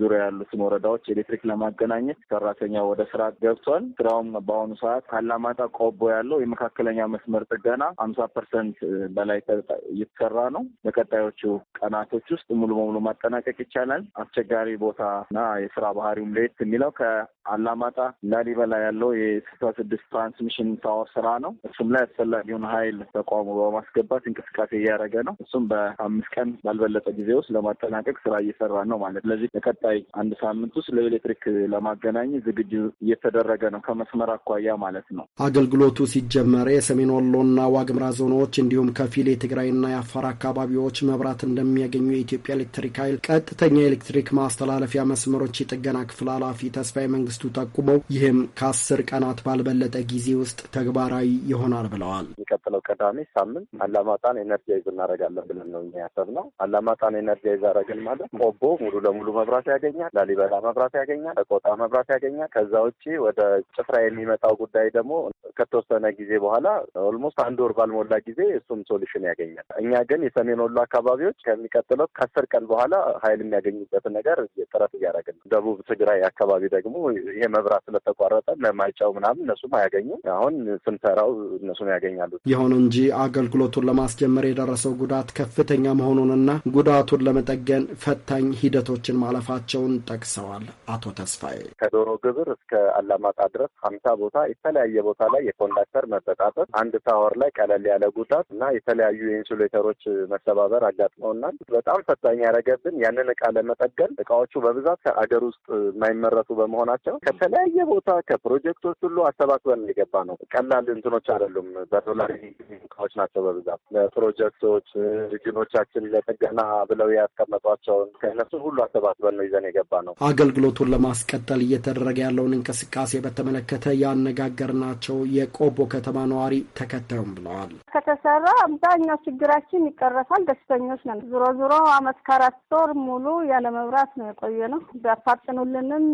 ዙሪያ ያሉትን ወረዳዎች ኤሌክትሪክ ለማገናኘት ሰራተኛ ወደ ስራ ገብቷል። ስራውም በአሁኑ ሰዓት ካላማጣ ቆቦ ያለው የመካከለኛ መስመር ጥገና ሀምሳ ፐርሰንት በላይ እየተሰራ ነው። በቀጣዮቹ ቀናቶች ውስጥ ሙሉ በሙሉ ማጠናቀቅ ይቻላል። አስቸጋሪ ቦታ እና የስራ ባህሪውም ለየት የሚለው ከአላማጣ ላሊበላ ያለው የስልሳ ስድስት ትራንስሚሽን ታወር ስራ ነው። እሱም ላይ አስፈላጊውን ሀይል ተቋሙ በማስገባት እንቅስቃሴ እያደረገ ነው። እሱም በአምስት ቀን ባልበለጠ ጊዜ ውስጥ ለማጠናቀቅ ስራ እየሰራ ነው ማለት። ስለዚህ በቀጣይ አንድ ሳምንት ውስጥ ለኤሌክትሪክ ለማገናኘት ዝግጁ እየተደረገ ነው፣ ከመስመር አኳያ ማለት ነው። አገልግሎቱ ሲጀመር የሰሜን ወሎና ዋግምራ ዞኖች እንዲሁም ከፊል የትግራይና የአፋር አካባቢዎች መብራት እንደሚያገኙ የኢትዮጵያ ኤሌክትሪክ ኃይል ቀጥተኛ ኤሌክትሪክ ማስተላለፊያ መስመሮች የጥገና ክፍል ኃላፊ ተስፋዬ መንግስቱ ጠቁመው ይህም ከአስር ቀናት ባልበለጠ ጊዜ ውስጥ ተግባራዊ ይሆናል ብለዋል። ቅዳሜ ሳምንት አላማጣን ኤነርጃይዝ እናደርጋለን ብለን ነው ያሰብነው። አላማጣን ኤነርጃይዝ አደረግን ማለት ቆቦ ሙሉ ለሙሉ መብራት ያገኛል፣ ላሊበላ መብራት ያገኛል፣ ለቆጣ መብራት ያገኛል። ከዛ ውጭ ወደ ጭፍራ የሚመጣው ጉዳይ ደግሞ ከተወሰነ ጊዜ በኋላ ኦልሞስት አንድ ወር ባልሞላ ጊዜ እሱም ሶሉሽን ያገኛል። እኛ ግን የሰሜን ወሎ አካባቢዎች ከሚቀጥለው ከአስር ቀን በኋላ ኃይል የሚያገኙበትን ነገር ጥረት እያደረግን ነው። ደቡብ ትግራይ አካባቢ ደግሞ ይሄ መብራት ስለተቋረጠ ለማይጫው ምናምን እነሱም አያገኙም። አሁን ስንሰራው እነሱም ያገኛሉ። የሆነ እንጂ አገልግሎቱን ለማስጀመር የደረሰው ጉዳት ከፍተኛ መሆኑንና ጉዳቱን ለመጠገን ፈታኝ ሂደቶችን ማለፋቸውን ጠቅሰዋል። አቶ ተስፋዬ ከዶሮ ግብር እስከ አላማጣ ድረስ ሀምሳ ቦታ የተለያየ ቦታ ላይ የኮንዳክተር መበጣጠስ፣ አንድ ታወር ላይ ቀለል ያለ ጉዳት እና የተለያዩ የኢንሱሌተሮች መሰባበር አጋጥመውናል። በጣም ፈታኝ ያደረገብን ያንን እቃ ለመጠገን እቃዎቹ በብዛት ከአገር ውስጥ የማይመረቱ በመሆናቸው ከተለያየ ቦታ ከፕሮጀክቶች ሁሉ አሰባስበን የገባ ነው። ቀላል እንትኖች አይደሉም። በዶላር እቃዎች ናቸው በብዛት ለፕሮጀክቶች ሪጅኖቻችን ለጥገና ብለው ያስቀመጧቸውን ከእነሱ ሁሉ አሰባስበን ነው ይዘን የገባ ነው። አገልግሎቱን ለማስቀጠል እየተደረገ ያለውን እንቅስቃሴ በተመለከተ ያነጋገርናቸው የቆቦ ከተማ ነዋሪ ተከታዩም ብለዋል። ከተሰራ አብዛኛው ችግራችን ይቀረፋል። ደስተኞች ነን። ዞሮ ዞሮ አመት ከአራት ወር ሙሉ ያለ መብራት ነው የቆየ ነው። ቢያፋጥኑልንም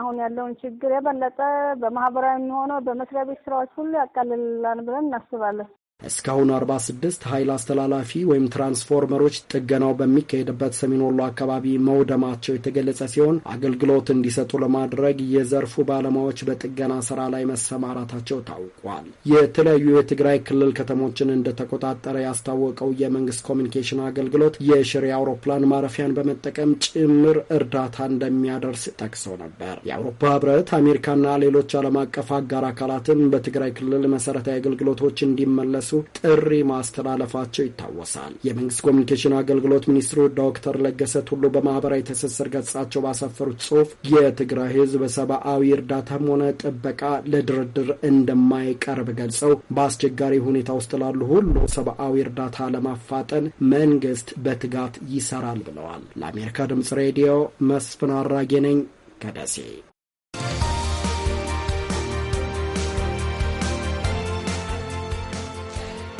አሁን ያለውን ችግር የበለጠ በማህበራዊ የሚሆነው በመስሪያ ቤት ስራዎች ሁሉ ያቀልልላን ብለን እናስባለን። እስካሁን 46 ኃይል አስተላላፊ ወይም ትራንስፎርመሮች ጥገናው በሚካሄድበት ሰሜን ወሎ አካባቢ መውደማቸው የተገለጸ ሲሆን አገልግሎት እንዲሰጡ ለማድረግ የዘርፉ ባለሙያዎች በጥገና ስራ ላይ መሰማራታቸው ታውቋል። የተለያዩ የትግራይ ክልል ከተሞችን እንደተቆጣጠረ ያስታወቀው የመንግስት ኮሚኒኬሽን አገልግሎት የሽሬ አውሮፕላን ማረፊያን በመጠቀም ጭምር እርዳታ እንደሚያደርስ ጠቅሰው ነበር። የአውሮፓ ህብረት፣ አሜሪካና ሌሎች ዓለም አቀፍ አጋር አካላትም በትግራይ ክልል መሰረታዊ አገልግሎቶች እንዲመለሱ ጥሪ ማስተላለፋቸው ይታወሳል። የመንግስት ኮሚኒኬሽን አገልግሎት ሚኒስትሩ ዶክተር ለገሰ ቱሉ በማህበራዊ ትስስር ገጻቸው ባሰፈሩት ጽሁፍ የትግራይ ህዝብ ሰብአዊ እርዳታም ሆነ ጥበቃ ለድርድር እንደማይቀርብ ገልጸው በአስቸጋሪ ሁኔታ ውስጥ ላሉ ሁሉ ሰብአዊ እርዳታ ለማፋጠን መንግስት በትጋት ይሰራል ብለዋል። ለአሜሪካ ድምጽ ሬዲዮ መስፍን አራጌ ነኝ ከደሴ።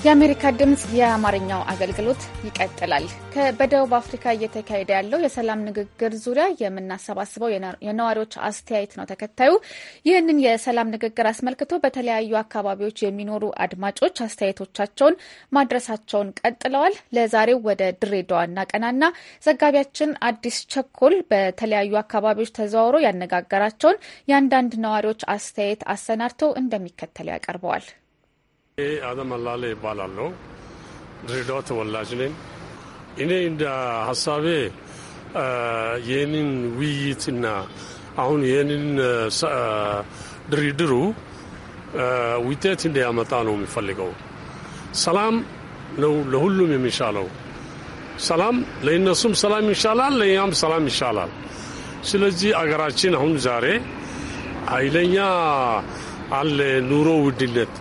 የአሜሪካ ድምፅ የአማርኛው አገልግሎት ይቀጥላል። በደቡብ አፍሪካ እየተካሄደ ያለው የሰላም ንግግር ዙሪያ የምናሰባስበው የነዋሪዎች አስተያየት ነው ተከታዩ። ይህንን የሰላም ንግግር አስመልክቶ በተለያዩ አካባቢዎች የሚኖሩ አድማጮች አስተያየቶቻቸውን ማድረሳቸውን ቀጥለዋል። ለዛሬው ወደ ድሬዳዋ እናቀናና ዘጋቢያችን አዲስ ቸኮል በተለያዩ አካባቢዎች ተዘዋውሮ ያነጋገራቸውን የአንዳንድ ነዋሪዎች አስተያየት አሰናድተው እንደሚከተለው ያቀርበዋል። አደም አላለ ይባላለሁ። ድሬዳዋ ተወላጅ ነኝ። እኔ እንደ ሀሳቤ ይህንን ውይይትና አሁን ይህንን ድርድሩ ውጤት እንዲያመጣ ነው የሚፈልገው። ሰላም ነው ለሁሉም የሚሻለው። ሰላም ለእነሱም ሰላም ይሻላል፣ ለእኛም ሰላም ይሻላል። ስለዚህ አገራችን አሁን ዛሬ ኃይለኛ አለ ኑሮ ውድነት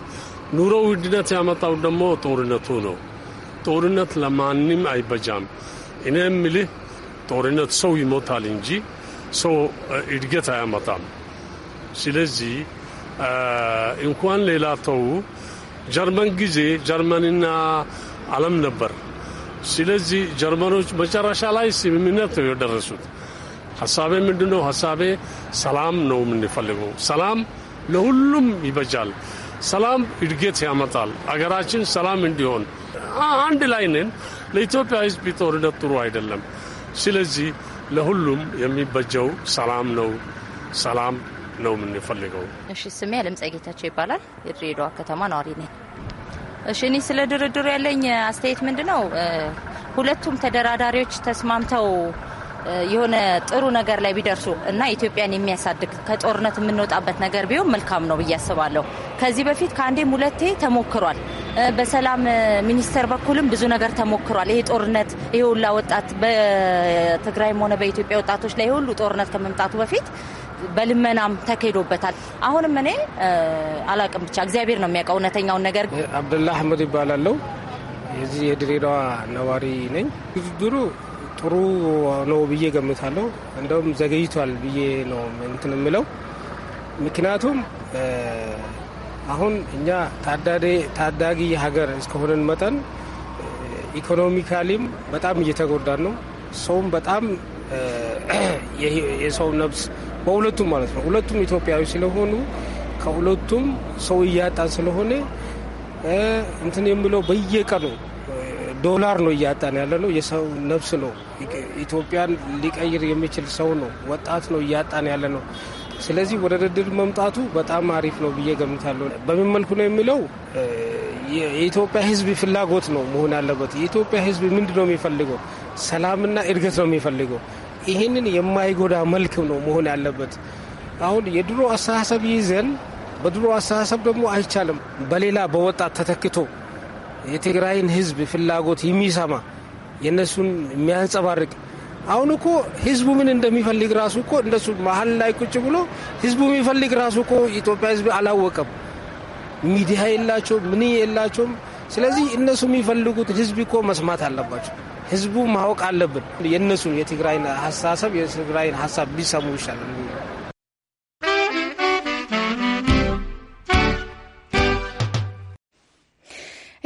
ኑሮ ውድነት ያመጣው ደግሞ ጦርነቱ ነው። ጦርነት ለማንም አይበጃም። እኔ ምልህ ጦርነት ሰው ይሞታል እንጂ ሰው እድገት አያመጣም። ስለዚህ እንኳን ሌላ ተው ጀርመን ጊዜ ጀርመንና ዓለም ነበር። ስለዚህ ጀርመኖች መጨረሻ ላይ ስምምነት ነው የደረሱት። ሀሳቤ ምንድነው? ሀሳቤ ሰላም ነው የምንፈልገው። ሰላም ለሁሉም ይበጃል። ሰላም እድገት ያመጣል። አገራችን ሰላም እንዲሆን አንድ ላይ ነን። ለኢትዮጵያ ሕዝብ ጦርነት ጥሩ አይደለም። ስለዚህ ለሁሉም የሚበጀው ሰላም ነው። ሰላም ነው የምንፈልገው። እሺ፣ ስሜ አለምፀሐይ ጌታቸው ይባላል። የድሬዳዋ ከተማ ነዋሪ ነኝ። እሺ፣ እኔ ስለ ድርድሩ ያለኝ አስተያየት ምንድን ነው? ሁለቱም ተደራዳሪዎች ተስማምተው የሆነ ጥሩ ነገር ላይ ቢደርሱ እና ኢትዮጵያን የሚያሳድግ ከጦርነት የምንወጣበት ነገር ቢሆን መልካም ነው ብዬ አስባለሁ። ከዚህ በፊት ከአንዴም ሁለቴ ተሞክሯል። በሰላም ሚኒስቴር በኩልም ብዙ ነገር ተሞክሯል። ይሄ ጦርነት ይሄ ሁላ ወጣት በትግራይም ሆነ በኢትዮጵያ ወጣቶች ላይ ሁሉ ጦርነት ከመምጣቱ በፊት በልመናም ተካሂዶበታል። አሁንም እኔ አላቅም ብቻ እግዚአብሔር ነው የሚያውቀው እውነተኛውን ነገር። አብደላ አህመድ ይባላለሁ። የዚህ የድሬዳዋ ነዋሪ ነኝ። ድርድሩ ጥሩ ነው ብዬ ገምታለሁ። እንደውም ዘገይቷል ብዬ ነው እንትን የምለው ምክንያቱም አሁን እኛ ታዳጊ ሀገር እስከሆነን መጠን ኢኮኖሚካሊም በጣም እየተጎዳን ነው። ሰውም በጣም የሰው ነብስ በሁለቱም ማለት ነው። ሁለቱም ኢትዮጵያዊ ስለሆኑ ከሁለቱም ሰው እያጣ ስለሆነ እንትን የምለው በየቀኑ ዶላር ነው እያጣን ያለ ነው። የሰው ነፍስ ነው ኢትዮጵያን ሊቀይር የሚችል ሰው ነው፣ ወጣት ነው እያጣን ያለ ነው። ስለዚህ ወደ ድርድር መምጣቱ በጣም አሪፍ ነው ብዬ ገምታለሁ። በምን መልኩ ነው የሚለው የኢትዮጵያ ሕዝብ ፍላጎት ነው መሆን ያለበት። የኢትዮጵያ ሕዝብ ምንድ ነው የሚፈልገው? ሰላምና እድገት ነው የሚፈልገው። ይህንን የማይጎዳ መልክ ነው መሆን ያለበት። አሁን የድሮ አስተሳሰብ ይዘን በድሮ አስተሳሰብ ደግሞ አይቻልም። በሌላ በወጣት ተተክቶ የትግራይን ህዝብ ፍላጎት የሚሰማ የእነሱን የሚያንጸባርቅ አሁን እኮ ህዝቡ ምን እንደሚፈልግ ራሱ እኮ እንደሱ መሀል ላይ ቁጭ ብሎ ህዝቡ የሚፈልግ ራሱ እኮ ኢትዮጵያ ህዝብ አላወቀም። ሚዲያ የላቸውም፣ ምን የላቸውም። ስለዚህ እነሱ የሚፈልጉት ህዝብ እኮ መስማት አለባቸው። ህዝቡ ማወቅ አለብን። የእነሱን የትግራይን አስተሳሰብ የትግራይን ሀሳብ ቢሰሙ ይሻላል።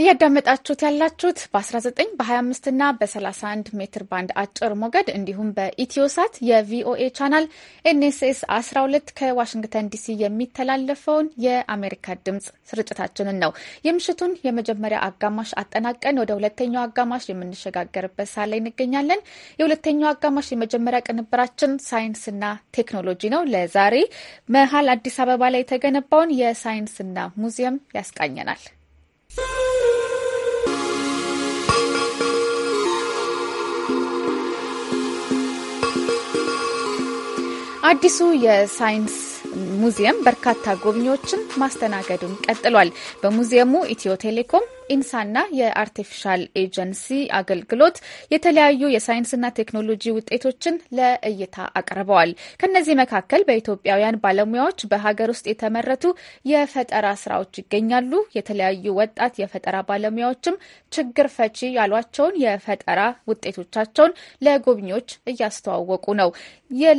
እያዳመጣችሁት ያላችሁት በ19 በ25 እና በ31 ሜትር ባንድ አጭር ሞገድ እንዲሁም በኢትዮሳት የቪኦኤ ቻናል ኤንኤስኤስ 12 ከዋሽንግተን ዲሲ የሚተላለፈውን የአሜሪካ ድምጽ ስርጭታችንን ነው። የምሽቱን የመጀመሪያ አጋማሽ አጠናቀን ወደ ሁለተኛው አጋማሽ የምንሸጋገርበት ሳ ላይ እንገኛለን። የሁለተኛው አጋማሽ የመጀመሪያ ቅንብራችን ሳይንስና ቴክኖሎጂ ነው። ለዛሬ መሀል አዲስ አበባ ላይ የተገነባውን የሳይንስና ሙዚየም ያስቃኘናል። አዲሱ የሳይንስ ሙዚየም በርካታ ጎብኚዎችን ማስተናገዱን ቀጥሏል። በሙዚየሙ ኢትዮ ቴሌኮም፣ ኢንሳና የአርቲፊሻል ኤጀንሲ አገልግሎት የተለያዩ የሳይንስና ቴክኖሎጂ ውጤቶችን ለእይታ አቅርበዋል። ከነዚህ መካከል በኢትዮጵያውያን ባለሙያዎች በሀገር ውስጥ የተመረቱ የፈጠራ ስራዎች ይገኛሉ። የተለያዩ ወጣት የፈጠራ ባለሙያዎችም ችግር ፈቺ ያሏቸውን የፈጠራ ውጤቶቻቸውን ለጎብኚዎች እያስተዋወቁ ነው።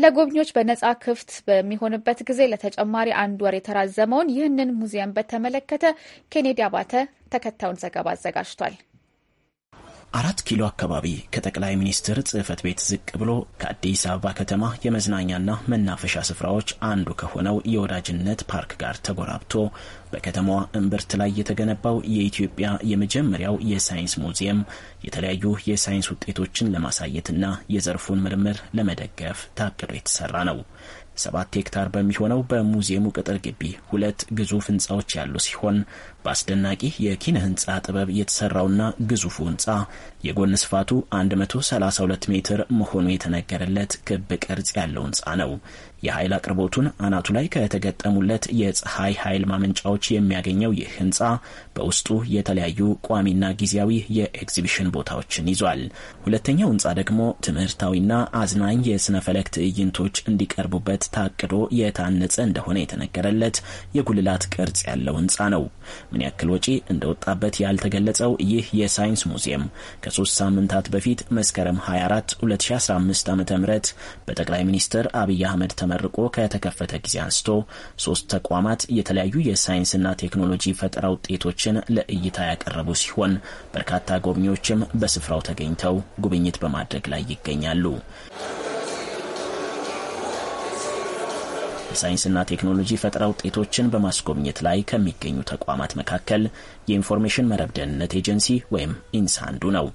ለጎብኚዎች በነጻ ክፍት በሚሆንበት ጊዜ ለተጨማሪ አንድ ወር የተራዘመውን ይህንን ሙዚየም በተመለከተ ኬኔዲ አባተ ተከታዩን ዘገባ አዘጋጅቷል። አራት ኪሎ አካባቢ ከጠቅላይ ሚኒስትር ጽህፈት ቤት ዝቅ ብሎ ከአዲስ አበባ ከተማ የመዝናኛና መናፈሻ ስፍራዎች አንዱ ከሆነው የወዳጅነት ፓርክ ጋር ተጎራብቶ በከተማዋ እምብርት ላይ የተገነባው የኢትዮጵያ የመጀመሪያው የሳይንስ ሙዚየም የተለያዩ የሳይንስ ውጤቶችን ለማሳየትና የዘርፉን ምርምር ለመደገፍ ታቅዶ የተሰራ ነው። ሰባት ሄክታር በሚሆነው በሙዚየሙ ቅጥር ግቢ ሁለት ግዙፍ ህንፃዎች ያሉ ሲሆን በአስደናቂ የኪነ ህንፃ ጥበብ የተሰራውና ግዙፉ ህንፃ የጎን ስፋቱ 132 ሜትር መሆኑ የተነገረለት ክብ ቅርጽ ያለው ህንፃ ነው። የኃይል አቅርቦቱን አናቱ ላይ ከተገጠሙለት የፀሐይ ኃይል ማመንጫዎች የሚያገኘው ይህ ህንፃ በውስጡ የተለያዩ ቋሚና ጊዜያዊ የኤግዚቢሽን ቦታዎችን ይዟል። ሁለተኛው ህንፃ ደግሞ ትምህርታዊና አዝናኝ የስነ ፈለክ ትዕይንቶች እንዲቀርቡበት ታቅዶ የታነጸ እንደሆነ የተነገረለት የጉልላት ቅርጽ ያለው ህንፃ ነው። ምን ያክል ወጪ እንደወጣበት ያልተገለጸው ይህ የሳይንስ ሙዚየም ከሶስት ሳምንታት በፊት መስከረም 24 2015 ዓ ም በጠቅላይ ሚኒስትር አብይ አህመድ ተመርቆ ከተከፈተ ጊዜ አንስቶ ሶስት ተቋማት የተለያዩ የሳይንስና ቴክኖሎጂ ፈጠራ ውጤቶችን ለእይታ ያቀረቡ ሲሆን በርካታ ጎብኚዎችም በስፍራው ተገኝተው ጉብኝት በማድረግ ላይ ይገኛሉ። የሳይንስና ቴክኖሎጂ ፈጠራ ውጤቶችን በማስጎብኘት ላይ ከሚገኙ ተቋማት መካከል የኢንፎርሜሽን መረብ ደህንነት ኤጀንሲ ወይም ኢንሳ አንዱ ነው።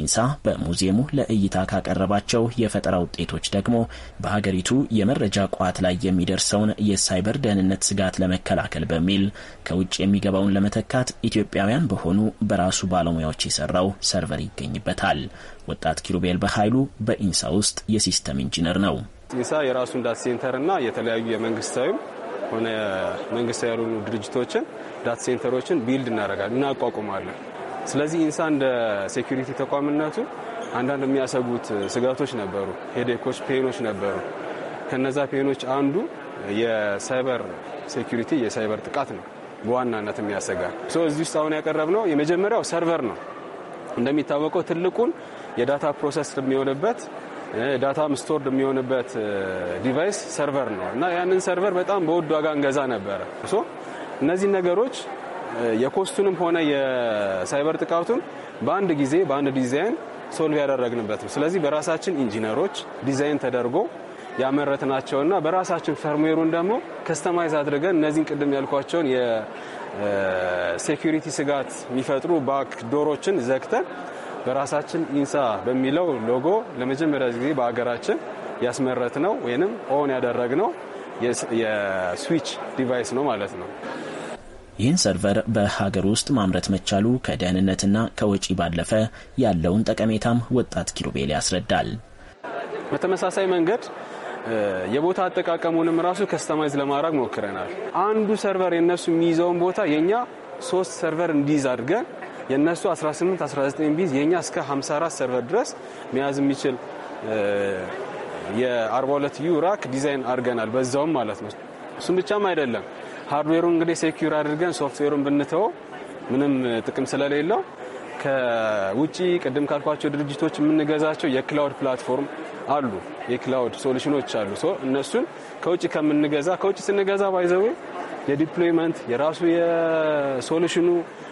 ኢንሳ በሙዚየሙ ለእይታ ካቀረባቸው የፈጠራ ውጤቶች ደግሞ በሀገሪቱ የመረጃ ቋት ላይ የሚደርሰውን የሳይበር ደህንነት ስጋት ለመከላከል በሚል ከውጭ የሚገባውን ለመተካት ኢትዮጵያውያን በሆኑ በራሱ ባለሙያዎች የሰራው ሰርቨር ይገኝበታል። ወጣት ኪሩቤል በኃይሉ በኢንሳ ውስጥ የሲስተም ኢንጂነር ነው። ኢንሳ የራሱን ዳታ ሴንተር እና የተለያዩ የመንግስታዊም ሆነ መንግስታዊ ያልሆኑ ድርጅቶችን ዳታ ሴንተሮችን ቢልድ እናደርጋለን እናቋቁማለን። ስለዚህ ኢንሳ እንደ ሴኩሪቲ ተቋምነቱ አንዳንድ የሚያሰጉት ስጋቶች ነበሩ፣ ሄዴኮች፣ ፔኖች ነበሩ። ከነዛ ፔኖች አንዱ የሳይበር ሴኩሪቲ የሳይበር ጥቃት ነው በዋናነት የሚያሰጋል። እዚህ ውስጥ አሁን ያቀረብነው የመጀመሪያው ሰርቨር ነው። እንደሚታወቀው ትልቁን የዳታ ፕሮሰስ የሚሆንበት ዳታ ምስቶርድ የሚሆንበት ዲቫይስ ሰርቨር ነው እና ያንን ሰርቨር በጣም በውድ ዋጋ እንገዛ ነበረ። ሶ እነዚህ ነገሮች የኮስቱንም ሆነ የሳይበር ጥቃቱን በአንድ ጊዜ በአንድ ዲዛይን ሶልቭ ያደረግንበት ነው። ስለዚህ በራሳችን ኢንጂነሮች ዲዛይን ተደርጎ ያመረትናቸውና በራሳችን ፈርምዌሩን ደግሞ ከስተማይዝ አድርገን እነዚህን ቅድም ያልኳቸውን የሴኩሪቲ ስጋት የሚፈጥሩ ባክ ዶሮችን ዘግተን በራሳችን ኢንሳ በሚለው ሎጎ ለመጀመሪያ ጊዜ በሀገራችን ያስመረት ነው ወይንም ኦን ያደረግ ነው የስዊች ዲቫይስ ነው ማለት ነው። ይህን ሰርቨር በሀገር ውስጥ ማምረት መቻሉ ከደህንነትና ከወጪ ባለፈ ያለውን ጠቀሜታም ወጣት ኪሩቤል ያስረዳል። በተመሳሳይ መንገድ የቦታ አጠቃቀሙንም ራሱ ከስተማይዝ ለማድረግ ሞክረናል። አንዱ ሰርቨር የነሱ የሚይዘውን ቦታ የእኛ ሶስት ሰርቨር እንዲይዝ አድርገን የእነሱ 18 19 ቢዝ የእኛ እስከ 54 ሰርቨር ድረስ መያዝ የሚችል የ42 ዩ ራክ ዲዛይን አድርገናል። በዛውም ማለት ነው። እሱም ብቻም አይደለም ሃርድዌሩን እንግዲህ ሴኪር አድርገን ሶፍትዌሩን ብንተወው ምንም ጥቅም ስለሌለው ከውጪ ቅድም ካልኳቸው ድርጅቶች የምንገዛቸው የክላውድ ፕላትፎርም አሉ፣ የክላውድ ሶሉሽኖች አሉ። እነሱን ከውጭ ከምንገዛ ከውጭ ስንገዛ ባይዘዌ የዲፕሎይመንት የራሱ የሶሉሽኑ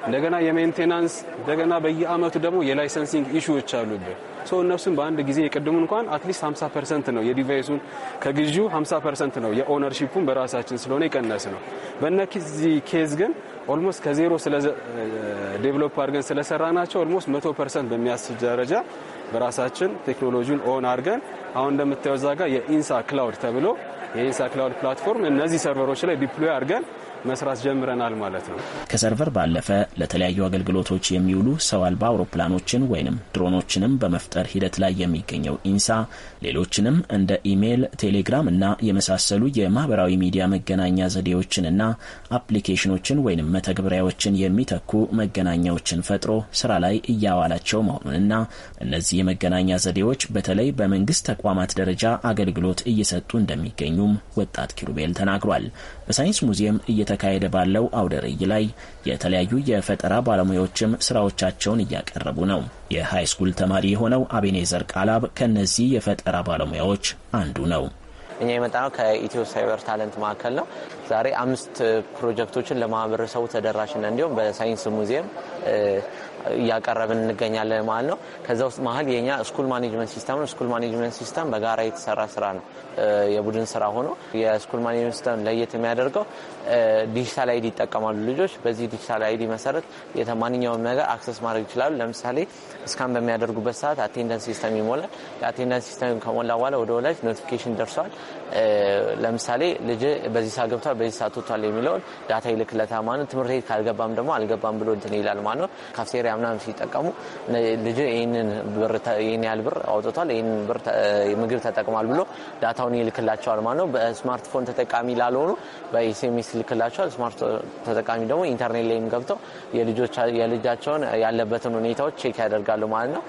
እንደገና የሜንቴናንስ እንደገና በየአመቱ ደግሞ የላይሰንሲንግ ኢሹዎች አሉብን። ሶ እነሱን በአንድ ጊዜ የቅድሙ እንኳን አትሊስት 50 ፐርሰንት ነው የዲቫይሱን ከግዢው 50 ፐርሰንት ነው የኦነርሺፑን በራሳችን ስለሆነ የቀነስ ነው። በእነዚህ ኬዝ ግን ኦልሞስት ከዜሮ ዴቨሎፕ አድርገን ስለሰራ ናቸው ኦልሞስት መቶ ፐርሰንት በሚያስ ደረጃ በራሳችን ቴክኖሎጂውን ኦን አድርገን አሁን እንደምታየው እዛ ጋር የኢንሳ ክላውድ ተብሎ የኢንሳ ክላውድ ፕላትፎርም እነዚህ ሰርቨሮች ላይ ዲፕሎይ አድርገን መስራት ጀምረናል ማለት ነው። ከሰርቨር ባለፈ ለተለያዩ አገልግሎቶች የሚውሉ ሰው አልባ አውሮፕላኖችን ወይም ድሮኖችንም በመፍጠር ሂደት ላይ የሚገኘው ኢንሳ ሌሎችንም እንደ ኢሜይል፣ ቴሌግራም እና የመሳሰሉ የማህበራዊ ሚዲያ መገናኛ ዘዴዎችንና አፕሊኬሽኖችን ወይም መተግበሪያዎችን የሚተኩ መገናኛዎችን ፈጥሮ ስራ ላይ እያዋላቸው መሆኑንና እነዚህ የመገናኛ ዘዴዎች በተለይ በመንግስት ተቋማት ደረጃ አገልግሎት እየሰጡ እንደሚገኙም ወጣት ኪሩቤል ተናግሯል። በሳይንስ ሙዚየም እየተካሄደ ባለው አውደ ርዕይ ላይ የተለያዩ የፈጠራ ባለሙያዎችም ስራዎቻቸውን እያቀረቡ ነው። የሃይስኩል ተማሪ የሆነው አቤኔዘር ቃላብ ከእነዚህ የፈጠራ ባለሙያዎች አንዱ ነው። እኛ የመጣነው ከኢትዮ ሳይበር ታለንት መካከል ነው። ዛሬ አምስት ፕሮጀክቶችን ለማህበረሰቡ ተደራሽና እንዲሁም በሳይንስ ሙዚየም እያቀረብን እንገኛለን ማለት ነው። ከዛ ውስጥ መሀል የኛ ስኩል ማኔጅመንት ሲስተም ነው። ስኩል ማኔጅመንት ሲስተም በጋራ የተሰራ ስራ ነው። የቡድን ስራ ሆኖ የስኩል ሲስተም ለየት የሚያደርገው ዲጂታል አይዲ ይጠቀማሉ ልጆች። በዚህ ዲጂታል አይዲ መሰረት የማንኛውም ነገር አክሰስ ማድረግ ይችላሉ። ለምሳሌ እስካን በሚያደርጉበት ሰዓት አቴንደንስ ሲስተም ይሞላል። የአቴንደንስ ሲስተም ከሞላ በኋላ ወደ ወላጅ ኖቲፊኬሽን ደርሷል። ለምሳሌ ልጅ በዚህ ሰዓት ገብቷል፣ በዚህ ሰዓት ወጥቷል የሚለውን ዳታ ይልክለታል ማለት ነው። ትምህርት ቤት ካልገባም ደግሞ አልገባም ብሎ እንትን ይላል ማለት ነው። ካፍቴሪያ ምናምን ሲጠቀሙ ልጅ ይህን ያህል ብር አውጥቷል፣ ይህን ብር ምግብ ተጠቅሟል ብሎ ዳታ ሁኔታውን ይልክላቸዋል ማለት ነው። በስማርትፎን ተጠቃሚ ላልሆኑ በኤስኤምኤስ ይልክላቸዋል። ስማርት ተጠቃሚ ደግሞ ኢንተርኔት ላይም ገብተው የልጃቸውን ያለበትን ሁኔታዎች ቼክ ያደርጋሉ ማለት ነው።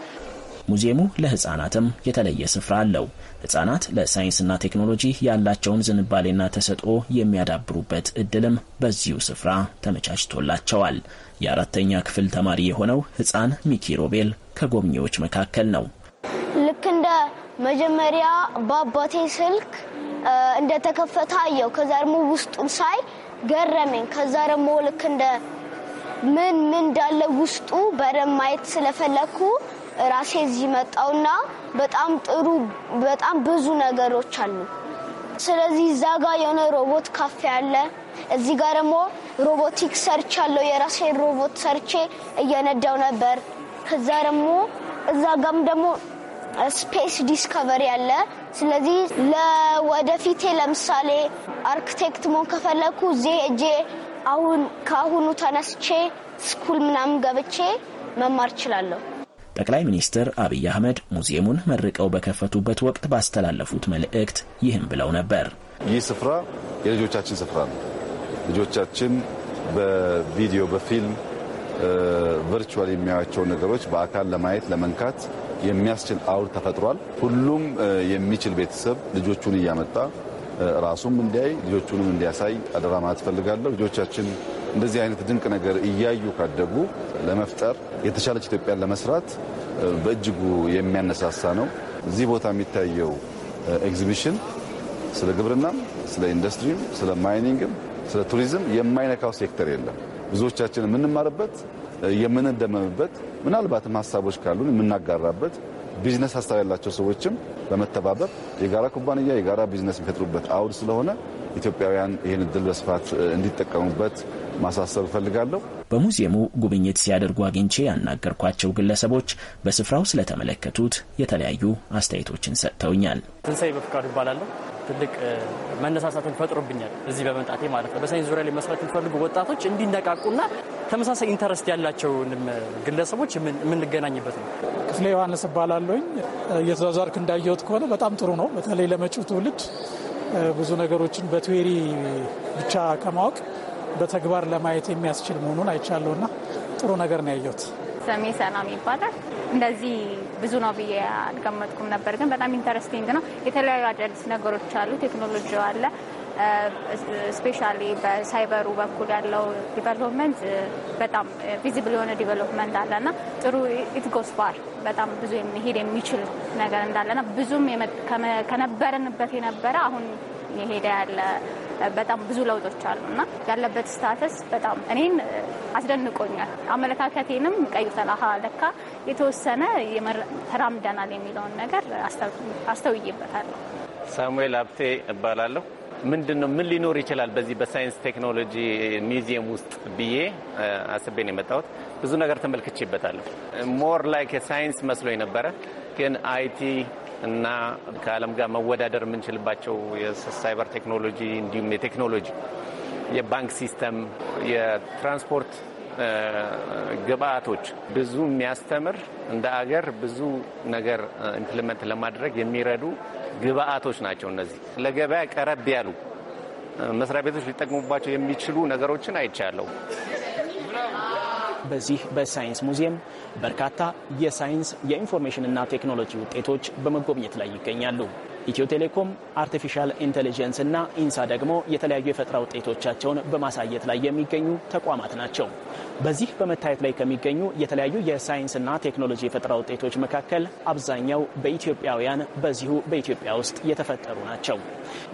ሙዚየሙ ለህጻናትም የተለየ ስፍራ አለው። ህጻናት ለሳይንስና ቴክኖሎጂ ያላቸውን ዝንባሌና ተሰጥኦ የሚያዳብሩበት እድልም በዚሁ ስፍራ ተመቻችቶላቸዋል። የአራተኛ ክፍል ተማሪ የሆነው ህጻን ሚኪ ሮቤል ከጎብኚዎች መካከል ነው። መጀመሪያ በአባቴ ስልክ እንደተከፈተ አየው። ከዛ ደግሞ ውስጡን ሳይ ገረመኝ። ከዛ ደግሞ ልክ እንደ ምን ምን እንዳለ ውስጡ በደንብ ማየት ስለፈለኩ ራሴ እዚህ መጣውና በጣም ጥሩ በጣም ብዙ ነገሮች አሉ። ስለዚህ እዛ ጋ የሆነ ሮቦት ካፌ አለ። እዚህ ጋር ደግሞ ሮቦቲክ ሰርች አለው። የራሴ ሮቦት ሰርቼ እየነዳው ነበር። ከዛ ደግሞ እዛ ጋም ደግሞ ስፔስ ዲስከቨሪ አለ። ስለዚህ ለወደፊቴ ለምሳሌ አርክቴክት መሆን ከፈለኩ ዜ እጄ አሁን ከአሁኑ ተነስቼ ስኩል ምናምን ገብቼ መማር እችላለሁ። ጠቅላይ ሚኒስትር አብይ አህመድ ሙዚየሙን መርቀው በከፈቱበት ወቅት ባስተላለፉት መልእክት ይህም ብለው ነበር። ይህ ስፍራ የልጆቻችን ስፍራ ነው። ልጆቻችን በቪዲዮ በፊልም ቨርቹዋል የሚያያቸውን ነገሮች በአካል ለማየት ለመንካት የሚያስችል አውድ ተፈጥሯል። ሁሉም የሚችል ቤተሰብ ልጆቹን እያመጣ ራሱም እንዲያይ ልጆቹንም እንዲያሳይ አደራ ማለት እፈልጋለሁ። ልጆቻችን እንደዚህ አይነት ድንቅ ነገር እያዩ ካደጉ ለመፍጠር የተሻለች ኢትዮጵያን ለመስራት በእጅጉ የሚያነሳሳ ነው። እዚህ ቦታ የሚታየው ኤግዚቢሽን ስለ ግብርናም፣ ስለ ኢንዱስትሪም፣ ስለ ማይኒንግም፣ ስለ ቱሪዝም የማይነካው ሴክተር የለም። ብዙዎቻችን የምንማርበት የምንደመምበት ምናልባትም ሀሳቦች ካሉን የምናጋራበት ቢዝነስ ሀሳብ ያላቸው ሰዎችም በመተባበር የጋራ ኩባንያ የጋራ ቢዝነስ የሚፈጥሩበት አውድ ስለሆነ ኢትዮጵያውያን ይህን እድል በስፋት እንዲጠቀሙበት ማሳሰብ እፈልጋለሁ። በሙዚየሙ ጉብኝት ሲያደርጉ አግኝቼ ያናገርኳቸው ግለሰቦች በስፍራው ስለተመለከቱት የተለያዩ አስተያየቶችን ሰጥተውኛል። ትንሳኤ በፍቃዱ ይባላለሁ። ትልቅ መነሳሳትን ፈጥሮብኛል እዚህ በመምጣቴ ማለት ነው። በሳይንስ ዙሪያ ላይ መስራት የሚፈልጉ ወጣቶች እንዲነቃቁና ተመሳሳይ ኢንተረስት ያላቸውንም ግለሰቦች የምንገናኝበት ነው። ክፍሌ ዮሐንስ እባላለሁኝ። እየተዛዛርክ እንዳየሁት ከሆነ በጣም ጥሩ ነው። በተለይ ለመጪው ትውልድ ብዙ ነገሮችን በትዌሪ ብቻ ከማወቅ በተግባር ለማየት የሚያስችል መሆኑን አይቻለሁና ጥሩ ነገር ነው ያየሁት። ሰሜ ሰላም ይባላል። እንደዚህ ብዙ ነው ብዬ አልገመጥኩም ነበር። ግን በጣም ኢንተረስቲንግ ነው። የተለያዩ አዳዲስ ነገሮች አሉ። ቴክኖሎጂ አለ። ስፔሻሊ በሳይበሩ በኩል ያለው ዲቨሎፕመንት በጣም ቪዚብል የሆነ ዲቨሎፕመንት አለና ጥሩ ኢትጎስ ፋር በጣም ብዙ የሚሄድ የሚችል ነገር እንዳለና ብዙም ከነበረንበት የነበረ አሁን የሄደ ያለ በጣም ብዙ ለውጦች አሉ እና ያለበት ስታተስ በጣም እኔን አስደንቆኛል። አመለካከቴንም ቀይሯል። አሀ ለካ የተወሰነ ተራምደናል የሚለውን ነገር አስተውይበታለሁ። ሳሙኤል ሀብቴ እባላለሁ። ምንድን ነው ምን ሊኖር ይችላል በዚህ በሳይንስ ቴክኖሎጂ ሚዚየም ውስጥ ብዬ አስቤን የመጣሁት ብዙ ነገር ተመልክቼበታለሁ። ሞር ላይክ የሳይንስ መስሎ ነበረ ግን አይቲ እና ከዓለም ጋር መወዳደር የምንችልባቸው የሳይበር ቴክኖሎጂ እንዲሁም የቴክኖሎጂ፣ የባንክ ሲስተም፣ የትራንስፖርት ግብአቶች ብዙ የሚያስተምር እንደ አገር ብዙ ነገር ኢምፕሊመንት ለማድረግ የሚረዱ ግብአቶች ናቸው። እነዚህ ለገበያ ቀረብ ያሉ መስሪያ ቤቶች ሊጠቅሙባቸው የሚችሉ ነገሮችን አይቻለሁ። በዚህ በሳይንስ ሙዚየም በርካታ የሳይንስ የኢንፎርሜሽንና ቴክኖሎጂ ውጤቶች በመጎብኘት ላይ ይገኛሉ። ኢትዮ ቴሌኮም አርቲፊሻል ኢንቴሊጀንስ እና ኢንሳ ደግሞ የተለያዩ የፈጠራ ውጤቶቻቸውን በማሳየት ላይ የሚገኙ ተቋማት ናቸው። በዚህ በመታየት ላይ ከሚገኙ የተለያዩ የሳይንስና ቴክኖሎጂ የፈጠራ ውጤቶች መካከል አብዛኛው በኢትዮጵያውያን በዚሁ በኢትዮጵያ ውስጥ የተፈጠሩ ናቸው።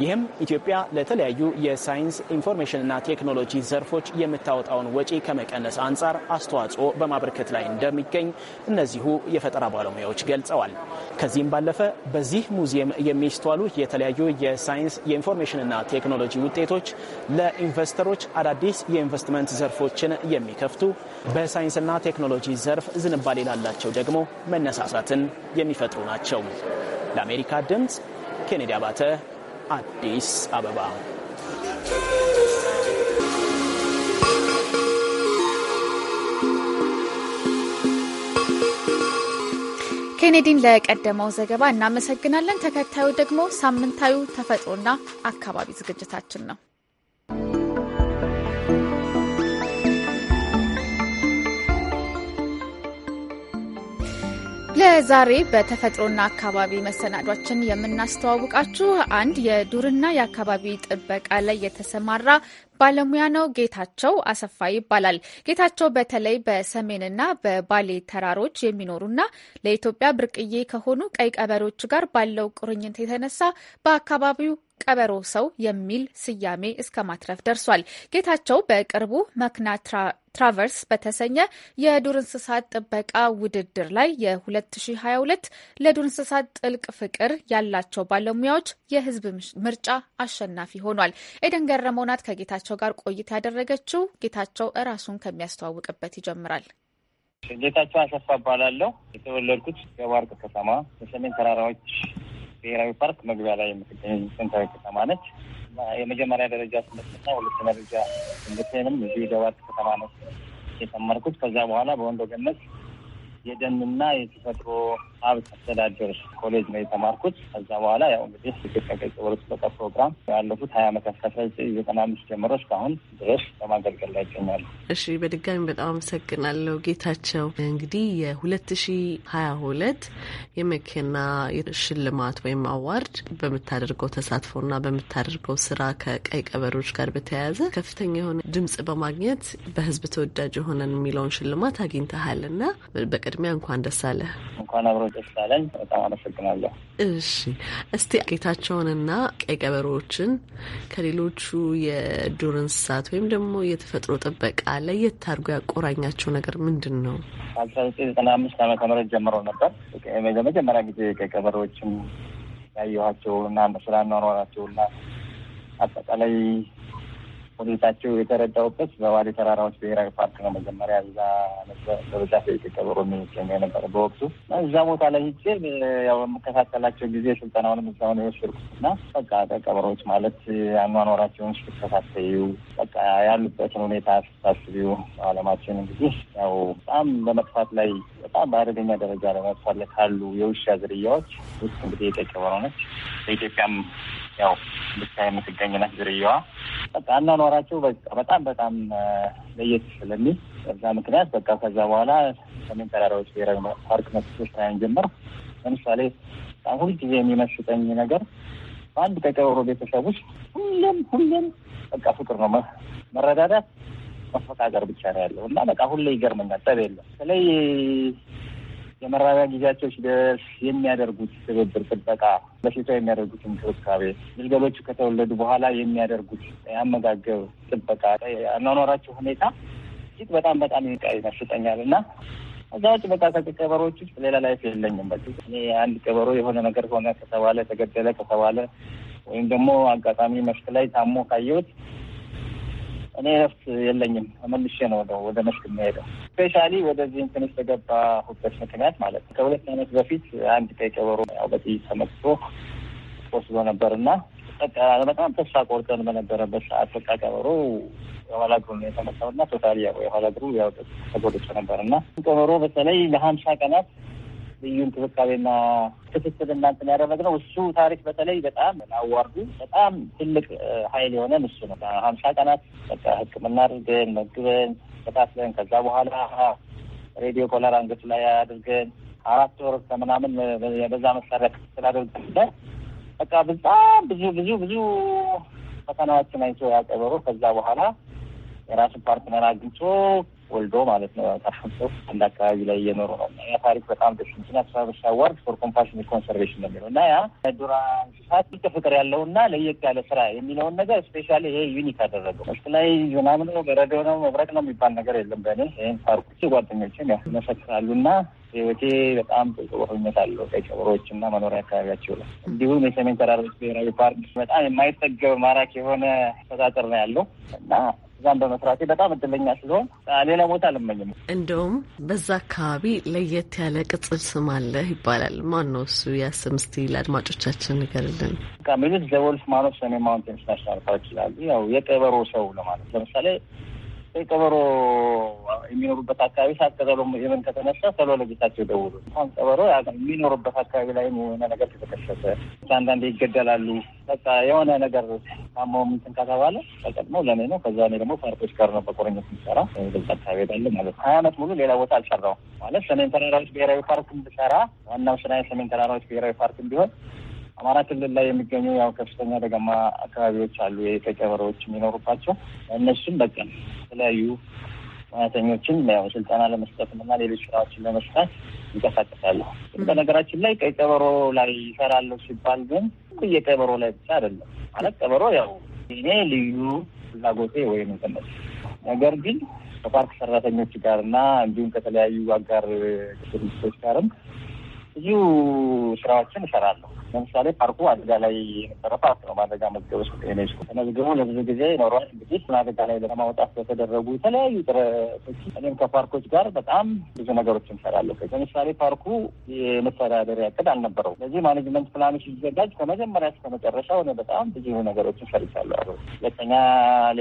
ይህም ኢትዮጵያ ለተለያዩ የሳይንስ ኢንፎርሜሽንና ቴክኖሎጂ ዘርፎች የምታወጣውን ወጪ ከመቀነስ አንጻር አስተዋጽኦ በማበርከት ላይ እንደሚገኝ እነዚሁ የፈጠራ ባለሙያዎች ገልጸዋል። ከዚህም ባለፈ በዚህ ሙዚየም የሚ የሚስተዋሉ የተለያዩ የሳይንስ የኢንፎርሜሽንና ቴክኖሎጂ ውጤቶች ለኢንቨስተሮች አዳዲስ የኢንቨስትመንት ዘርፎችን የሚከፍቱ በሳይንስና ቴክኖሎጂ ዘርፍ ዝንባሌ ላላቸው ደግሞ መነሳሳትን የሚፈጥሩ ናቸው። ለአሜሪካ ድምፅ ኬኔዲ አባተ አዲስ አበባ ኬኔዲን ለቀደመው ዘገባ እናመሰግናለን። ተከታዩ ደግሞ ሳምንታዊ ተፈጥሮና አካባቢ ዝግጅታችን ነው። ለዛሬ በተፈጥሮና አካባቢ መሰናዷችን የምናስተዋውቃችሁ አንድ የዱርና የአካባቢ ጥበቃ ላይ የተሰማራ ባለሙያ ነው። ጌታቸው አሰፋ ይባላል። ጌታቸው በተለይ በሰሜንና በባሌ ተራሮች የሚኖሩና ለኢትዮጵያ ብርቅዬ ከሆኑ ቀይ ቀበሮች ጋር ባለው ቁርኝት የተነሳ በአካባቢው ቀበሮ ሰው የሚል ስያሜ እስከ ማትረፍ ደርሷል። ጌታቸው በቅርቡ መክና ትራቨርስ በተሰኘ የዱር እንስሳት ጥበቃ ውድድር ላይ የ2022 ለዱር እንስሳት ጥልቅ ፍቅር ያላቸው ባለሙያዎች የሕዝብ ምርጫ አሸናፊ ሆኗል። ኤደን ገረመው ናት ከጌታቸው ጋር ቆይታ ያደረገችው። ጌታቸው እራሱን ከሚያስተዋውቅበት ይጀምራል። ጌታቸው አሰፋ እባላለሁ። የተወለድኩት የባርቅ ከተማ በሰሜን ተራራዎች ብሔራዊ ፓርክ መግቢያ ላይ የምትገኝ ጥንታዊ ከተማ ነች። የመጀመሪያ ደረጃ ትምህርትና ሁለተኛ ደረጃ ትምህርቴንም እዚሁ ደባት ከተማ ነው የተመርኩት። ከዛ በኋላ በወንዶ ገነት የደንና የተፈጥሮ ሀብት አስተዳደር ኮሌጅ ነው የተማርኩት። ከዛ በኋላ ያው እንግዲህ ኢትዮጵያ ቀይ ቀበሮ ጥበቃ ፕሮግራም ያለፉት ሀያ አመታት ከአስራ ዘጠና አምስት ጀምሮ እስካሁን ድረስ በማገልገል ላይ ይገኛሉ። እሺ፣ በድጋሚ በጣም አመሰግናለሁ ጌታቸው። እንግዲህ የሁለት ሺ ሀያ ሁለት የመኪና ሽልማት ወይም አዋርድ በምታደርገው ተሳትፎና በምታደርገው ስራ ከቀይ ቀበሮች ጋር በተያያዘ ከፍተኛ የሆነ ድምጽ በማግኘት በህዝብ ተወዳጅ የሆነን የሚለውን ሽልማት አግኝተሃል እና በቅድሚያ እንኳን ደስ አለህ። እንኳን አብረ ደስ በጣም አመሰግናለሁ። እሺ እስቲ ጌታቸውንና ቀይ ቀበሮዎችን ከሌሎቹ የዱር እንስሳት ወይም ደግሞ የተፈጥሮ ጥበቃ ለየት አድርጎ ያቆራኛቸው ነገር ምንድን ነው? አስራ ዘጠኝ ዘጠና አምስት ዓመተ ምህረት ጀምሮ ነበር ለመጀመሪያ ጊዜ ቀይ ቀበሮዎችን ያየኋቸው እና ስለ አኗኗራቸው እና አጠቃላይ ሁኔታቸው የተረዳውበት በዋዴ ተራራዎች ብሔራዊ ፓርክ ነው። መጀመሪያ እዛ በብዛት የተቀበሮ የሚገኘ የነበረ በወቅቱ እዛ ቦታ ላይ ሂጄ ያው የምከታተላቸው ጊዜ ስልጠናውንም እዛው ነው የወሰድኩት እና በቃ ቀበሮዎች ማለት አኗኗራቸውን ስትከታተዩ በቃ ያሉበትን ሁኔታ ስታስቢው አለማችን እንግዲህ ያው በጣም በመጥፋት ላይ በጣም በአደገኛ ደረጃ ላይ መጥፋት ላይ ካሉ የውሻ ዝርያዎች ውስጥ እንግዲህ የቀይ ቀበሮ ነች። በኢትዮጵያም ያው ብቻ የምትገኝ ናት ዝርያዋ በቃ አኗኗ ሳወራቸው በቃ በጣም በጣም ለየት ስለሚል በዛ ምክንያት በቃ ከዛ በኋላ ሰሜን ተራራዎች ብሔራዊ ፓርክ መስሶች ታያን ጀመር። ለምሳሌ በጣም ሁልጊዜ የሚመስጠኝ ነገር በአንድ ከቀበሮ ቤተሰብ ውስጥ ሁሌም ሁሌም በቃ ፍቅር ነው፣ መረዳዳት፣ መፈቃቀር ብቻ ነው ያለው እና በቃ ሁሌ ይገርመኛል። ጠብ የለም። በተለይ የመራቢያ ጊዜያቸው ሲደርስ የሚያደርጉት ትብብር፣ ጥበቃ፣ በሴቷ የሚያደርጉት እንክብካቤ፣ ግልገሎቹ ከተወለዱ በኋላ የሚያደርጉት የአመጋገብ ጥበቃ፣ አኗኗራቸው ሁኔታ እጅግ በጣም በጣም ይቃ ይመስጠኛል እና እዛ ውጭ በቃ ቀበሮች ውጭ ሌላ ላይፍ የለኝም። በቃ እኔ አንድ ቀበሮ የሆነ ነገር ሆነ ከተባለ ተገደለ ከተባለ ወይም ደግሞ አጋጣሚ መስክ ላይ ታሞ ካየሁት እኔ እረፍት የለኝም። መልሼ ነው ወደ መስክ የሚሄደው። ስፔሻሊ ወደዚህ እንትን ውስጥ ምክንያት ማለት ነው ከሁለት ዓመት በፊት አንድ ቀይ ቀበሮ ያው በጥይት ተመትቶ ቆስሎ ነበር እና በጣም ተስፋ ቆርጠን በነበረበት ሰዓት በቃ ቀበሮ የኋላ እግሩ ነው የተመታው እና ቶታሊ የኋላ እግሩ ያው ተጎድቶ ነበር እና ቀበሮ በተለይ ለሀምሳ ቀናት ልዩ እንክብካቤና ክትትል እናንትን ያደረግነው እሱ ታሪክ በተለይ በጣም አዋርዱ በጣም ትልቅ ኃይል የሆነ እሱ ነው። ሀምሳ ቀናት በቃ ሕክምና አድርገን መግበን ተከታትለን ከዛ በኋላ ሬዲዮ ኮላር አንገት ላይ አድርገን አራት ወር ከምናምን በዛ መሳሪያ ክትትል አድርገን በቃ በጣም ብዙ ብዙ ብዙ ፈተናዎችን አይቶ ያቀበሩ ከዛ በኋላ የራሱ ፓርትነር አግኝቶ ወልዶ ማለት ነው ጠፋም ሰው አንድ አካባቢ ላይ እየኖሩ ነው። ያ ታሪክ በጣም ደስ እንትን አስራበሻ አዋርድ ፎር ኮምፓሽን ኮንሰርቬሽን ነው የሚለው እና ያ ዱራ እንስሳት ልቅ ፍቅር ያለው እና ለየት ያለ ስራ የሚለውን ነገር ስፔሻሊ ይሄ ዩኒክ አደረገው። ውስጥ ላይ ዩናምን ነው በረዶ ነው መብረቅ ነው የሚባል ነገር የለም። በእኔ ይህን ፓርኩ ጓደኞችም ይመሰክራሉ እና ህይወቴ በጣም ጥቁርነት አለው ቀጨበሮች እና መኖሪያ አካባቢያቸው ላይ እንዲሁም የሰሜን ተራሮች ብሔራዊ ፓርክ በጣም የማይጠገብ ማራኪ የሆነ ተጣጥር ነው ያለው እና እዛም በመስራቴ በጣም እድለኛ ስለሆን ሌላ ቦታ አልመኝም። እንደውም በዛ አካባቢ ለየት ያለ ቅጽል ስም አለ ይባላል። ማን ነው እሱ? ያ ስም ለአድማጮቻችን ንገርልን። ሚሉት ዘወልፍ ማኖ ሰኔ ማውንቴንስ ናሽናል ፓርክ ይላሉ። ያው የቀበሮ ሰው ለማለት ለምሳሌ ቀይ ቀበሮ የሚኖሩበት አካባቢ ሳት ቀጠሎ የምን ከተነሳ ሰሎ ለጌታቸው ደውሉ። እንኳን ቀበሮ የሚኖሩበት አካባቢ ላይ የሆነ ነገር ከተከሰተ አንዳንዴ ይገደላሉ። በቃ የሆነ ነገር ታማውም እንትን ከተባለ ተቀድሞ ለኔ ነው። ከዛ እኔ ደግሞ ፓርቶች ጋር ነው በቁርኝት የሚሰራ በዛ አካባቢ ሄዳለ ማለት ሀያ አመት ሙሉ ሌላ ቦታ አልሰራው ማለት ሰሜን ተራራዎች ብሔራዊ ፓርክ ብሰራ ዋናው ስራ የሰሜን ተራራዎች ብሔራዊ ፓርክ ቢሆን አማራ ክልል ላይ የሚገኙ ያው ከፍተኛ ደጋማ አካባቢዎች አሉ፣ የኢትዮጵያ በረዎች የሚኖሩባቸው እነሱም በቀን የተለያዩ ሙያተኞችን ያው ስልጠና ለመስጠትም እና ሌሎች ስራዎችን ለመስራት ይንቀሳቀሳሉ። በነገራችን ላይ ቀይ ቀበሮ ላይ ይሰራለሁ ሲባል ግን ቀበሮ ላይ ብቻ አይደለም ማለት ቀበሮ ያው እኔ ልዩ ፍላጎቴ ወይም ንትነት ነገር ግን ከፓርክ ሰራተኞች ጋር እና እንዲሁም ከተለያዩ አጋር ድርጅቶች ጋርም ብዙ ስራዎችን እሰራለሁ። ለምሳሌ ፓርኩ አደጋ ላይ የነበረ ፓርክ ነው። በአደጋ መዝገብ ውስጥ ዩኔስኮ መዝገቡ ለብዙ ጊዜ ኖሯል። እንግዲህ አደጋ ላይ ለማውጣት በተደረጉ የተለያዩ ጥረቶች እኔም ከፓርኮች ጋር በጣም ብዙ ነገሮች እንሰራለሁ። ለምሳሌ ፓርኩ የመተዳደሪያ ዕቅድ አልነበረው። ለዚህ ማኔጅመንት ፕላኑ ሲዘጋጅ ከመጀመሪያ እስከ መጨረሻው ሆነ በጣም ብዙ ነገሮችን ሰርቻለሁ። ሁለተኛ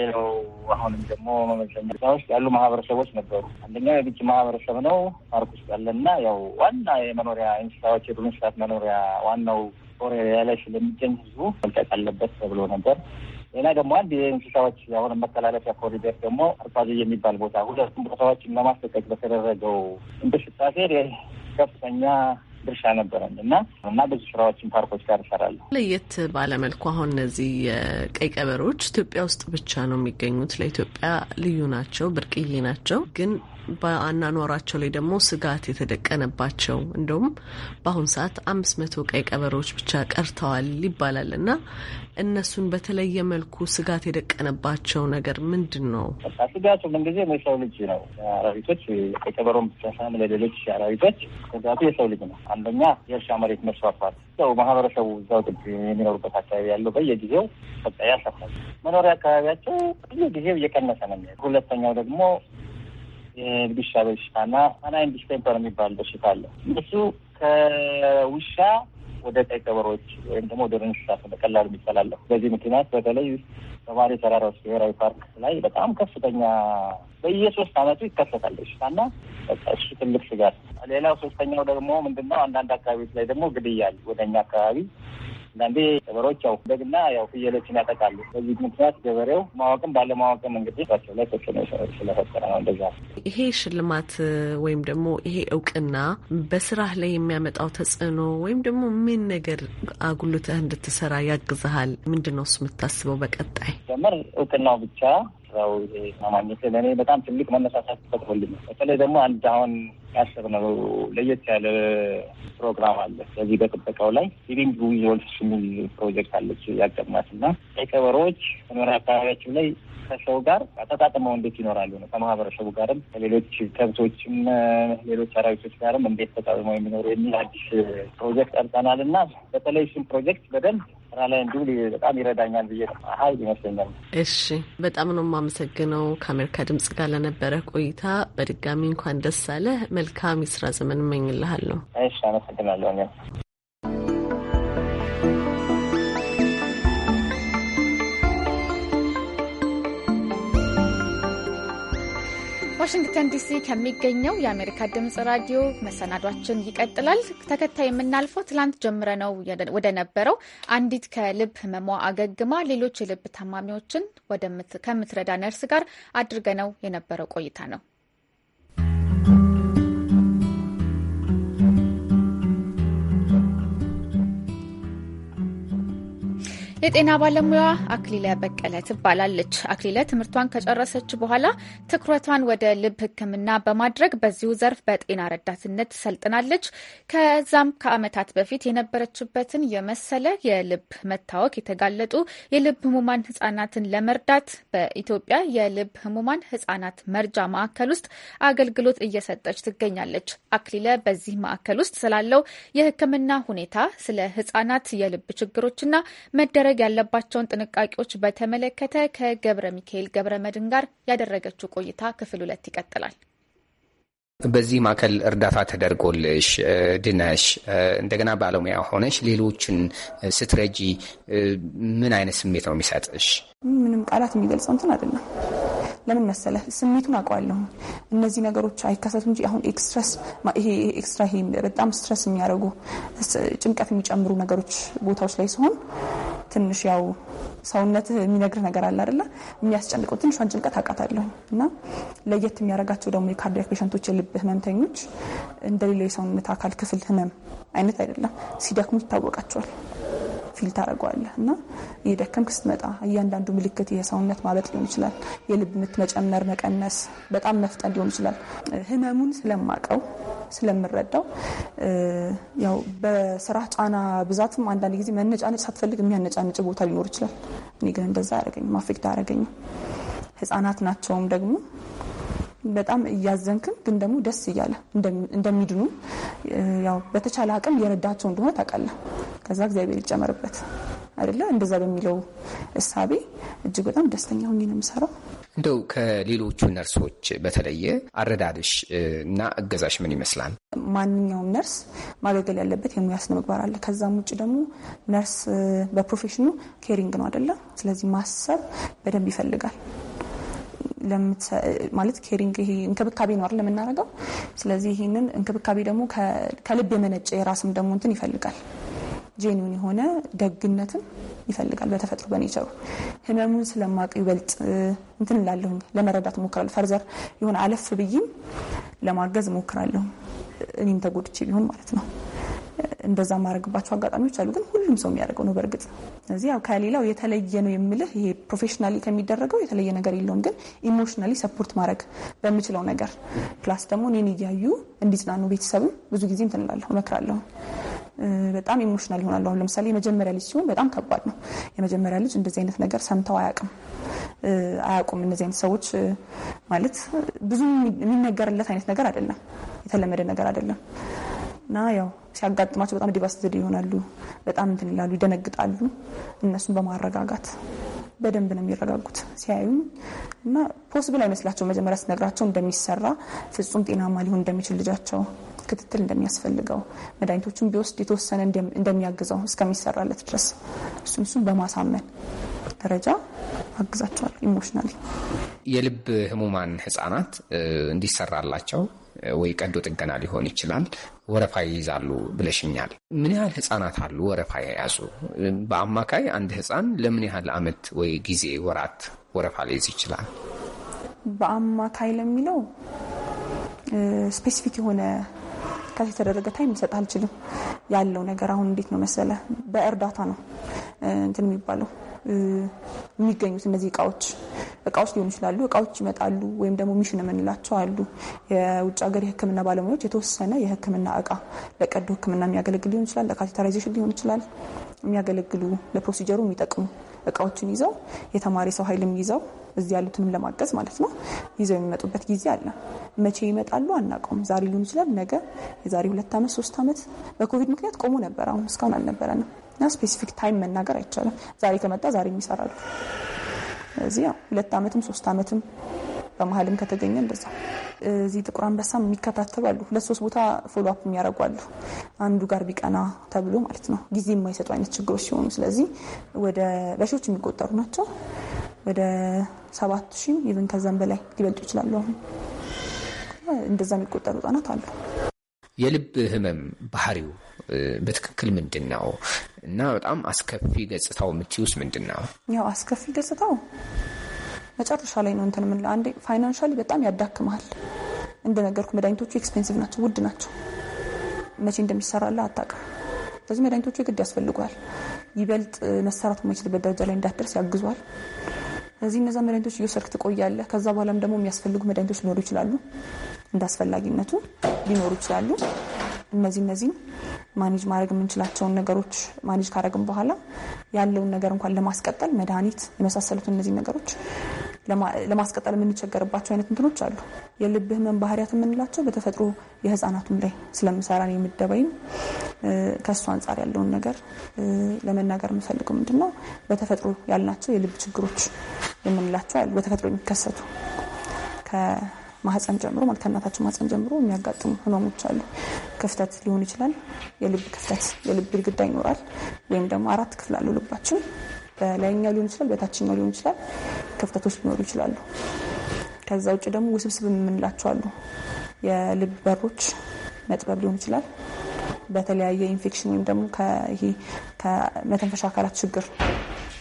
ሌላው አሁንም ደግሞ መመዘኛ ውስጥ ያሉ ማህበረሰቦች ነበሩ። አንደኛው የግጭ ማህበረሰብ ነው ፓርክ ውስጥ ያለና ያው ዋና የመኖሪያ እንስሳዎች የዱር እንስሳት መኖሪያ ዋናው ጦር ላይ ስለሚገኝ ህዝቡ መልቀቅ አለበት ተብሎ ነበር። ሌላ ደግሞ አንድ የእንስሳዎች አሁን መተላለፊያ ኮሪደር ደግሞ አርባዞ የሚባል ቦታ ሁለቱም ቦታዎችን ለማስጠቀቅ በተደረገው እንቅስቃሴ ከፍተኛ ድርሻ ነበረን እና እና ብዙ ስራዎችን ፓርኮች ጋር እሰራለሁ። ለየት ባለመልኩ አሁን እነዚህ ቀይ ቀበሮች ኢትዮጵያ ውስጥ ብቻ ነው የሚገኙት። ለኢትዮጵያ ልዩ ናቸው፣ ብርቅዬ ናቸው። ግን በአናኗራቸው ላይ ደግሞ ስጋት የተደቀነባቸው እንደውም በአሁን ሰዓት አምስት መቶ ቀይ ቀበሮዎች ብቻ ቀርተዋል ይባላል እና እነሱን በተለየ መልኩ ስጋት የደቀነባቸው ነገር ምንድን ነው? ስጋቱ ምንጊዜ የሰው ልጅ ነው። አራዊቶች የቀበሮን ብቻ ሳይሆን ለሌሎች አራዊቶች ስጋቱ የሰው ልጅ ነው። አንደኛ የእርሻ መሬት መስፋፋት፣ ያው ማህበረሰቡ እዛው ጥግ የሚኖሩበት አካባቢ ያለው በየጊዜው በቃ ያሰፋል። መኖሪያ አካባቢያቸው ብዙ ጊዜው እየቀነሰ ነው። ሁለተኛው ደግሞ የውሻ በሽታና አናይን ዲስቴምፐር የሚባል በሽታ አለ። እሱ ከውሻ ወደ ቀይ ቀበሮች ወይም ደግሞ ወደ እንስሳት በቀላሉ የሚተላለፉ በዚህ ምክንያት በተለይ በባሌ ተራራዎች ብሔራዊ ፓርክ ላይ በጣም ከፍተኛ በየሶስት አመቱ ይከሰታል በሽታና እሱ ትልቅ ስጋት። ሌላው ሶስተኛው ደግሞ ምንድነው አንዳንድ አካባቢዎች ላይ ደግሞ ግድያል ወደ እኛ አካባቢ አንዳንዴ ገበሬዎች ያው በግና ያው ፍየሎችን ያጠቃሉ። በዚህ ምክንያት ገበሬው ማወቅም ባለማወቅም እንግዲህ ቸው ላይ ተጽዕኖ ስለፈጠረ ነው እንደዛ። ይሄ ሽልማት ወይም ደግሞ ይሄ እውቅና በስራህ ላይ የሚያመጣው ተጽዕኖ ወይም ደግሞ ምን ነገር አጉልተህ እንድትሰራ ያግዝሃል? ምንድን ነው እሱ የምታስበው በቀጣይ? ጀመር እውቅናው ብቻ የሰራው ማግኘት ለእኔ በጣም ትልቅ መነሳሳት ፈጥሮልኝ፣ በተለይ ደግሞ አንድ አሁን ያሰብነው ለየት ያለ ፕሮግራም አለ። በዚህ በጥበቃው ላይ ሊቪንግ ሪዞልቭስ የሚል ፕሮጀክት አለች ያቀድናት እና ቀበሮዎች መኖሪያ አካባቢያችን ላይ ከሰው ጋር ተጣጥመው እንዴት ይኖራሉ ነው። ከማህበረሰቡ ጋርም ከሌሎች ከብቶችም ሌሎች አራዊቶች ጋርም እንዴት ተጣጥመው የሚኖሩ የሚል አዲስ ፕሮጀክት ጠርጠናል እና በተለይ እሱም ፕሮጀክት በደንብ ስራ ላይ እንዲውል በጣም ይረዳኛል ብዬ ሀይል ይመስለኛል። እሺ፣ በጣም ነው የማመሰግነው ከአሜሪካ ድምጽ ጋር ለነበረ ቆይታ። በድጋሚ እንኳን ደስ አለህ። መልካም የስራ ዘመን እመኝልሃለሁ። እሺ፣ አመሰግናለሁ። ዋሽንግተን ዲሲ ከሚገኘው የአሜሪካ ድምጽ ራዲዮ መሰናዷችን ይቀጥላል። ተከታይ የምናልፈው ትላንት ጀምረ ነው ወደ ነበረው አንዲት ከልብ ህመሟ አገግማ ሌሎች የልብ ታማሚዎችን ከምትረዳ ነርስ ጋር አድርገ ነው የነበረው ቆይታ ነው። የጤና ባለሙያ አክሊለ በቀለ ትባላለች። አክሊለ ትምህርቷን ከጨረሰች በኋላ ትኩረቷን ወደ ልብ ሕክምና በማድረግ በዚሁ ዘርፍ በጤና ረዳትነት ትሰልጥናለች። ከዛም ከዓመታት በፊት የነበረችበትን የመሰለ የልብ መታወክ የተጋለጡ የልብ ህሙማን ህጻናትን ለመርዳት በኢትዮጵያ የልብ ህሙማን ህጻናት መርጃ ማዕከል ውስጥ አገልግሎት እየሰጠች ትገኛለች። አክሊለ በዚህ ማዕከል ውስጥ ስላለው የህክምና ሁኔታ፣ ስለ ህጻናት የልብ ችግሮችና መደረግ ማድረግ ያለባቸውን ጥንቃቄዎች በተመለከተ ከገብረ ሚካኤል ገብረ መድን ጋር ያደረገችው ቆይታ ክፍል ሁለት ይቀጥላል። በዚህ ማዕከል እርዳታ ተደርጎልሽ ድነሽ እንደገና ባለሙያ ሆነሽ ሌሎችን ስትረጂ ምን አይነት ስሜት ነው የሚሰጥሽ? ምንም ቃላት የሚገልጸው እንትን አይደለም። ለምን መሰለ ስሜቱን አውቀዋለሁ። እነዚህ ነገሮች አይከሰቱ እንጂ አሁን ኤክስትረስ ይሄ ኤክስትራ ይሄ በጣም ስትረስ የሚያደርጉ ጭንቀት የሚጨምሩ ነገሮች ቦታዎች ላይ ሲሆን ትንሽ ያው ሰውነት የሚነግር ነገር አለ አይደለ? የሚያስጨንቀው ትንሿን ጭንቀት አውቃታለሁ እና ለየት የሚያደርጋቸው ደግሞ የካርዲያክ ፔሸንቶች የልብ ህመምተኞች እንደሌላው የሰውነት አካል ክፍል ህመም አይነት አይደለም፣ ሲደክሙ ይታወቃቸዋል። ፊል ታደርገዋለህ እና እየደከምክ ስትመጣ እያንዳንዱ ምልክት የሰውነት ማበጥ ሊሆን ይችላል፣ የልብ ምት መጨመር መቀነስ፣ በጣም መፍጠን ሊሆን ይችላል። ህመሙን ስለማቀው ስለምረዳው ያው በስራ ጫና ብዛትም አንዳንድ ጊዜ መነጫነጭ ሳትፈልግ የሚያነጫነጭ ቦታ ሊኖር ይችላል። እኔ ግን እንደዛ አያደርገኝም፣ አፌክት አያደርገኝም። ህጻናት ናቸውም ደግሞ በጣም እያዘንክም ግን ደግሞ ደስ እያለ እንደሚድኑ ያው በተቻለ አቅም የረዳቸው እንደሆነ ታውቃለህ። ከዛ እግዚአብሔር ይጨመርበት አይደለ እንደዛ በሚለው እሳቤ እጅግ በጣም ደስተኛ ሆኜ ነው የምሰራው። እንደው ከሌሎቹ ነርሶች በተለየ አረዳድሽ እና እገዛሽ ምን ይመስላል? ማንኛውም ነርስ ማገልገል ያለበት የሙያ ስነ ምግባር አለ። ከዛም ውጭ ደግሞ ነርስ በፕሮፌሽኑ ኬሪንግ ነው አይደለም። ስለዚህ ማሰብ በደንብ ይፈልጋል። ማለት ኬሪንግ ይሄ እንክብካቤ ነው አይደል ስለዚህ ይህንን እንክብካቤ ደግሞ ከልብ የመነጨ የራስም ደግሞ እንትን ይፈልጋል ጄኒውን የሆነ ደግነትን ይፈልጋል። በተፈጥሮ በኔቸሩ ህመሙን ስለማቅ ይበልጥ እንትን ላለሁኝ ለመረዳት እሞክራለሁ። ፈርዘር የሆነ አለፍ ብዬም ለማገዝ እሞክራለሁ እኔም ተጎድቼ ቢሆን ማለት ነው። እንደዛ ማድረግባቸው አጋጣሚዎች አሉ። ግን ሁሉም ሰው የሚያደርገው ነው በእርግጥ ስለዚህ ያው ከሌላው የተለየ ነው የምልህ ይሄ ፕሮፌሽናሊ ከሚደረገው የተለየ ነገር የለውም። ግን ኢሞሽናሊ ሰፖርት ማድረግ በምችለው ነገር ፕላስ ደግሞ እኔን እያዩ እንዲጽናኑ ቤተሰብም ብዙ ጊዜ እንትን እላለሁ እመክራለሁ። በጣም ኢሞሽናል ይሆናሉ። አሁን ለምሳሌ የመጀመሪያ ልጅ ሲሆን በጣም ከባድ ነው። የመጀመሪያ ልጅ እንደዚህ አይነት ነገር ሰምተው አያውቅም አያውቁም። እነዚህ አይነት ሰዎች ማለት ብዙ የሚነገርለት አይነት ነገር አይደለም፣ የተለመደ ነገር አይደለም። እና ያው ሲያጋጥማቸው በጣም ዲቫስትድ ይሆናሉ። በጣም እንትን ይላሉ፣ ይደነግጣሉ። እነሱን በማረጋጋት በደንብ ነው የሚረጋጉት ሲያዩኝ እና ፖስብል አይመስላቸው መጀመሪያ ስነግራቸው እንደሚሰራ ፍጹም ጤናማ ሊሆን እንደሚችል ልጃቸው ክትትል እንደሚያስፈልገው መድኃኒቶችን ቢወስድ የተወሰነ እንደሚያግዘው እስከሚሰራለት ድረስ እሱም እሱም በማሳመን ደረጃ አግዛቸዋል። ኢሞሽናል የልብ ህሙማን ህጻናት እንዲሰራላቸው ወይ ቀዶ ጥገና ሊሆን ይችላል ወረፋ ይይዛሉ ብለሽኛል። ምን ያህል ህጻናት አሉ ወረፋ የያዙ? በአማካይ አንድ ህጻን ለምን ያህል አመት ወይ ጊዜ ወራት ወረፋ ሊይዝ ይችላል? በአማካይ ለሚለው ስፔሲፊክ የሆነ ካስ የተደረገ ታይም ልሰጥ አልችልም። ያለው ነገር አሁን እንዴት ነው መሰለ፣ በእርዳታ ነው እንትን የሚባለው የሚገኙት እነዚህ እቃዎች እቃዎች ሊሆኑ ይችላሉ። እቃዎች ይመጣሉ ወይም ደግሞ ሚሽን የምንላቸው አሉ። የውጭ ሀገር የሕክምና ባለሙያዎች የተወሰነ የሕክምና እቃ ለቀዶ ሕክምና የሚያገለግል ሊሆን ይችላል፣ ለካቴተራይዜሽን ሊሆን ይችላል የሚያገለግሉ ለፕሮሲጀሩ የሚጠቅሙ እቃዎችን ይዘው የተማሪ ሰው ኃይልም ይዘው እዚህ ያሉትንም ለማገዝ ማለት ነው ይዘው የሚመጡበት ጊዜ አለ። መቼ ይመጣሉ አናውቀውም። ዛሬ ሊሆን ይችላል፣ ነገ፣ የዛሬ ሁለት ዓመት ሶስት ዓመት በኮቪድ ምክንያት ቆሞ ነበር። አሁን እስካሁን አልነበረንም። እና ስፔሲፊክ ታይም መናገር አይቻልም። ዛሬ ከመጣ ዛሬ የሚሰራሉ። ስለዚህ ያው ሁለት ዓመትም ሶስት ዓመትም በመሀልም ከተገኘ እንደዛ እዚህ ጥቁር አንበሳም የሚከታተሉ አሉ። ሁለት ሶስት ቦታ ፎሎ አፕ የሚያደርጉ አሉ። አንዱ ጋር ቢቀና ተብሎ ማለት ነው። ጊዜ የማይሰጡ አይነት ችግሮች ሲሆኑ ስለዚህ ወደ በሺዎች የሚቆጠሩ ናቸው። ወደ ሰባት ሺህ ይብን ከዛም በላይ ሊበልጡ ይችላሉ። አሁን እንደዛ የሚቆጠሩ ህጻናት አሉ። የልብ ህመም ባህሪው በትክክል ምንድን ነው? እና በጣም አስከፊ ገጽታው የምትይ ምንድን ነው? ያው አስከፊ ገጽታው መጨረሻ ላይ ነው እንትን ምንለ አንዴ ፋይናንሻሊ በጣም ያዳክመሃል። እንደነገርኩ መድኃኒቶቹ ኤክስፔንሲቭ ናቸው፣ ውድ ናቸው። መቼ እንደሚሰራለ አታውቅም። ስለዚህ መድኃኒቶቹ የግድ ያስፈልጓል። ይበልጥ መሰራት የማይችልበት ደረጃ ላይ እንዳትደርስ ያግዟል። ስለዚህ እነዛ መድኃኒቶች እየወሰድክ ትቆያለህ። ከዛ በኋላም ደግሞ የሚያስፈልጉ መድኃኒቶች ሊኖሩ ይችላሉ፣ እንደ አስፈላጊነቱ ሊኖሩ ይችላሉ። እነዚህ እነዚህም ማኔጅ ማድረግ የምንችላቸውን ነገሮች ማኔጅ ካደረግን በኋላ ያለውን ነገር እንኳን ለማስቀጠል መድኃኒት የመሳሰሉት እነዚህ ነገሮች ለማስቀጠል የምንቸገርባቸው አይነት እንትኖች አሉ። የልብ ህመም ባህሪያት የምንላቸው በተፈጥሮ የህፃናቱም ላይ ስለምሰራ ነው የምደባይም ከእሱ አንጻር ያለውን ነገር ለመናገር የምፈልገው ምንድን ነው፣ በተፈጥሮ ያልናቸው የልብ ችግሮች የምንላቸው አሉ። በተፈጥሮ የሚከሰቱ ማህፀን ጀምሮ ማለት ከእናታችን ማህፀን ጀምሮ የሚያጋጥሙ ህመሞች አሉ። ክፍተት ሊሆን ይችላል። የልብ ክፍተት፣ የልብ ግድግዳ ይኖራል። ወይም ደግሞ አራት ክፍል አለው ልባችን። በላይኛው ሊሆን ይችላል፣ በታችኛው ሊሆን ይችላል። ክፍተቶች ሊኖሩ ይችላሉ። ከዛ ውጭ ደግሞ ውስብስብ የምንላቸው አሉ። የልብ በሮች መጥበብ ሊሆን ይችላል። በተለያየ ኢንፌክሽን ወይም ደግሞ ከመተንፈሻ አካላት ችግር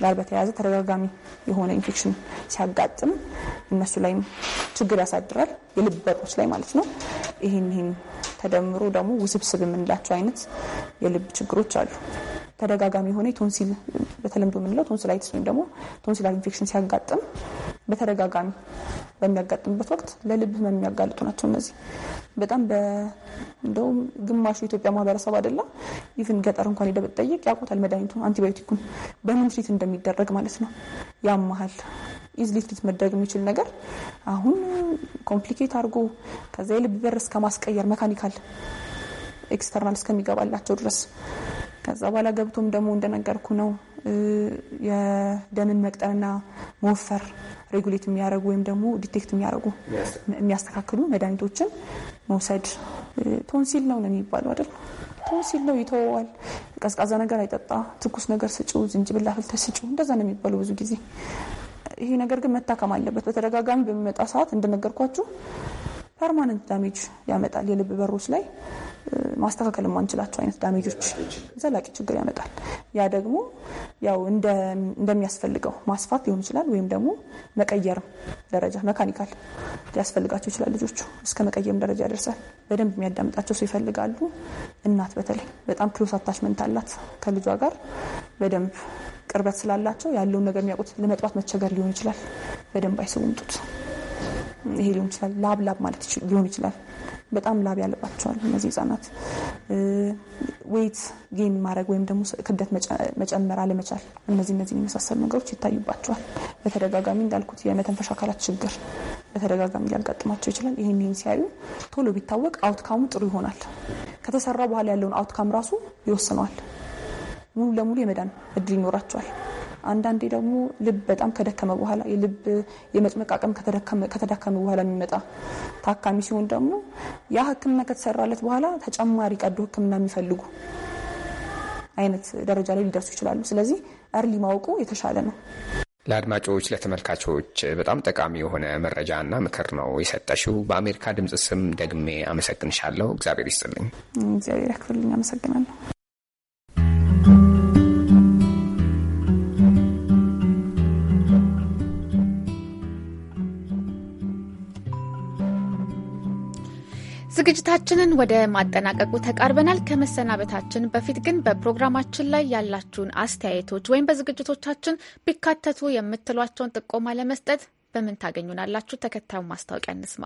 ጋር በተያያዘ ተደጋጋሚ የሆነ ኢንፌክሽን ሲያጋጥም እነሱ ላይም ችግር ያሳድራል። የልብ በሮች ላይ ማለት ነው። ይህን ይህን ተደምሮ ደግሞ ውስብስብ የምንላቸው አይነት የልብ ችግሮች አሉ። ተደጋጋሚ የሆነ ቶንሲል በተለምዶ የምንለው ቶንሲላይትስ ወይም ደግሞ ቶንሲላር ኢንፌክሽን ሲያጋጥም በተደጋጋሚ በሚያጋጥምበት ወቅት ለልብ ህመም የሚያጋልጡ ናቸው እነዚህ በጣም እንደውም ግማሹ የኢትዮጵያ ማህበረሰብ አይደላ ኢቭን ገጠር እንኳን ሄደህ ብትጠይቅ ያውቁታል መድኃኒቱን አንቲባዮቲኩን በምን ትሪት እንደሚደረግ ማለት ነው ያመሃል ኢዝሊ ትሪት መደረግ የሚችል ነገር አሁን ኮምፕሊኬት አድርጎ ከዛ የልብ በር እስከ ማስቀየር መካኒካል ኤክስተርናል እስከሚገባላቸው ድረስ ከዛ በኋላ ገብቶም ደግሞ እንደነገርኩ ነው የደምን መቅጠንና መወፈር ሬጉሌት የሚያደርጉ ወይም ደግሞ ዲቴክት የሚያደርጉ የሚያስተካክሉ መድኃኒቶችን መውሰድ። ቶንሲል ነው ነው የሚባለው አይደል? ቶንሲል ነው ይተወዋል። ቀዝቃዛ ነገር አይጠጣ፣ ትኩስ ነገር ስጩ፣ ዝንጅብል አፍልተ ስጩ፣ እንደዛ ነው የሚባለው ብዙ ጊዜ ይሄ ነገር ግን መታከም አለበት። በተደጋጋሚ በሚመጣ ሰዓት እንደነገርኳችሁ ፐርማነንት ዳሜጅ ያመጣል። የልብ በሮች ላይ ማስተካከል የማንችላቸው አይነት ዳሜጆች ዘላቂ ችግር ያመጣል። ያ ደግሞ ያው እንደሚያስፈልገው ማስፋት ሊሆን ይችላል፣ ወይም ደግሞ መቀየርም ደረጃ መካኒካል ሊያስፈልጋቸው ይችላል። ልጆቹ እስከ መቀየርም ደረጃ ያደርሳል። በደንብ የሚያዳምጣቸው ሰው ይፈልጋሉ። እናት በተለይ በጣም ክሎስ አታችመንት አላት ከልጇ ጋር በደንብ ቅርበት ስላላቸው ያለውን ነገር የሚያውቁት ለመጥባት መቸገር ሊሆን ይችላል። በደንብ አይስቡም ጡት ይሄ ሊሆን ይችላል። ላብ ላብ ማለት ሊሆን ይችላል። በጣም ላብ ያለባቸዋል እነዚህ ህጻናት። ዌይት ጌን ማድረግ ወይም ደግሞ ክብደት መጨመር አለመቻል፣ እነዚህ እነዚህ የመሳሰሉ ነገሮች ይታዩባቸዋል። በተደጋጋሚ እንዳልኩት የመተንፈሻ አካላት ችግር በተደጋጋሚ ሊያጋጥማቸው ይችላል። ይህን ሲያዩ ቶሎ ቢታወቅ አውትካሙ ጥሩ ይሆናል። ከተሰራ በኋላ ያለውን አውትካም ራሱ ይወስነዋል። ሙሉ ለሙሉ የመዳን እድል ይኖራቸዋል። አንዳንዴ ደግሞ ልብ በጣም ከደከመ በኋላ የልብ የመጭመቅ አቅም ከተዳከመ በኋላ የሚመጣ ታካሚ ሲሆን ደግሞ ያ ሕክምና ከተሰራለት በኋላ ተጨማሪ ቀዶ ሕክምና የሚፈልጉ አይነት ደረጃ ላይ ሊደርሱ ይችላሉ። ስለዚህ እርሊ ማወቁ የተሻለ ነው። ለአድማጮች ለተመልካቾች በጣም ጠቃሚ የሆነ መረጃና ምክር ነው የሰጠሽው። በአሜሪካ ድምፅ ስም ደግሜ አመሰግንሻለሁ። እግዚአብሔር ይስጥልኝ። እግዚአብሔር ያክፍልኝ። አመሰግናለሁ። ዝግጅታችንን ወደ ማጠናቀቁ ተቃርበናል። ከመሰናበታችን በፊት ግን በፕሮግራማችን ላይ ያላችሁን አስተያየቶች ወይም በዝግጅቶቻችን ቢካተቱ የምትሏቸውን ጥቆማ ለመስጠት በምን ታገኙናላችሁ? ተከታዩን ማስታወቂያ እንስማ።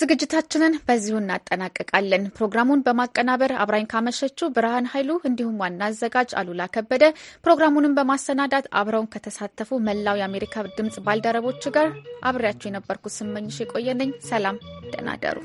ዝግጅታችንን በዚሁ እናጠናቀቃለን ፕሮግራሙን በማቀናበር አብራኝ ካመሸችው ብርሃን ኃይሉ እንዲሁም ዋና አዘጋጅ አሉላ ከበደ፣ ፕሮግራሙንም በማሰናዳት አብረውን ከተሳተፉ መላው የአሜሪካ ድምፅ ባልደረቦች ጋር አብሬያቸው የነበርኩት ስመኝሽ የቆየነኝ። ሰላም ደናደሩ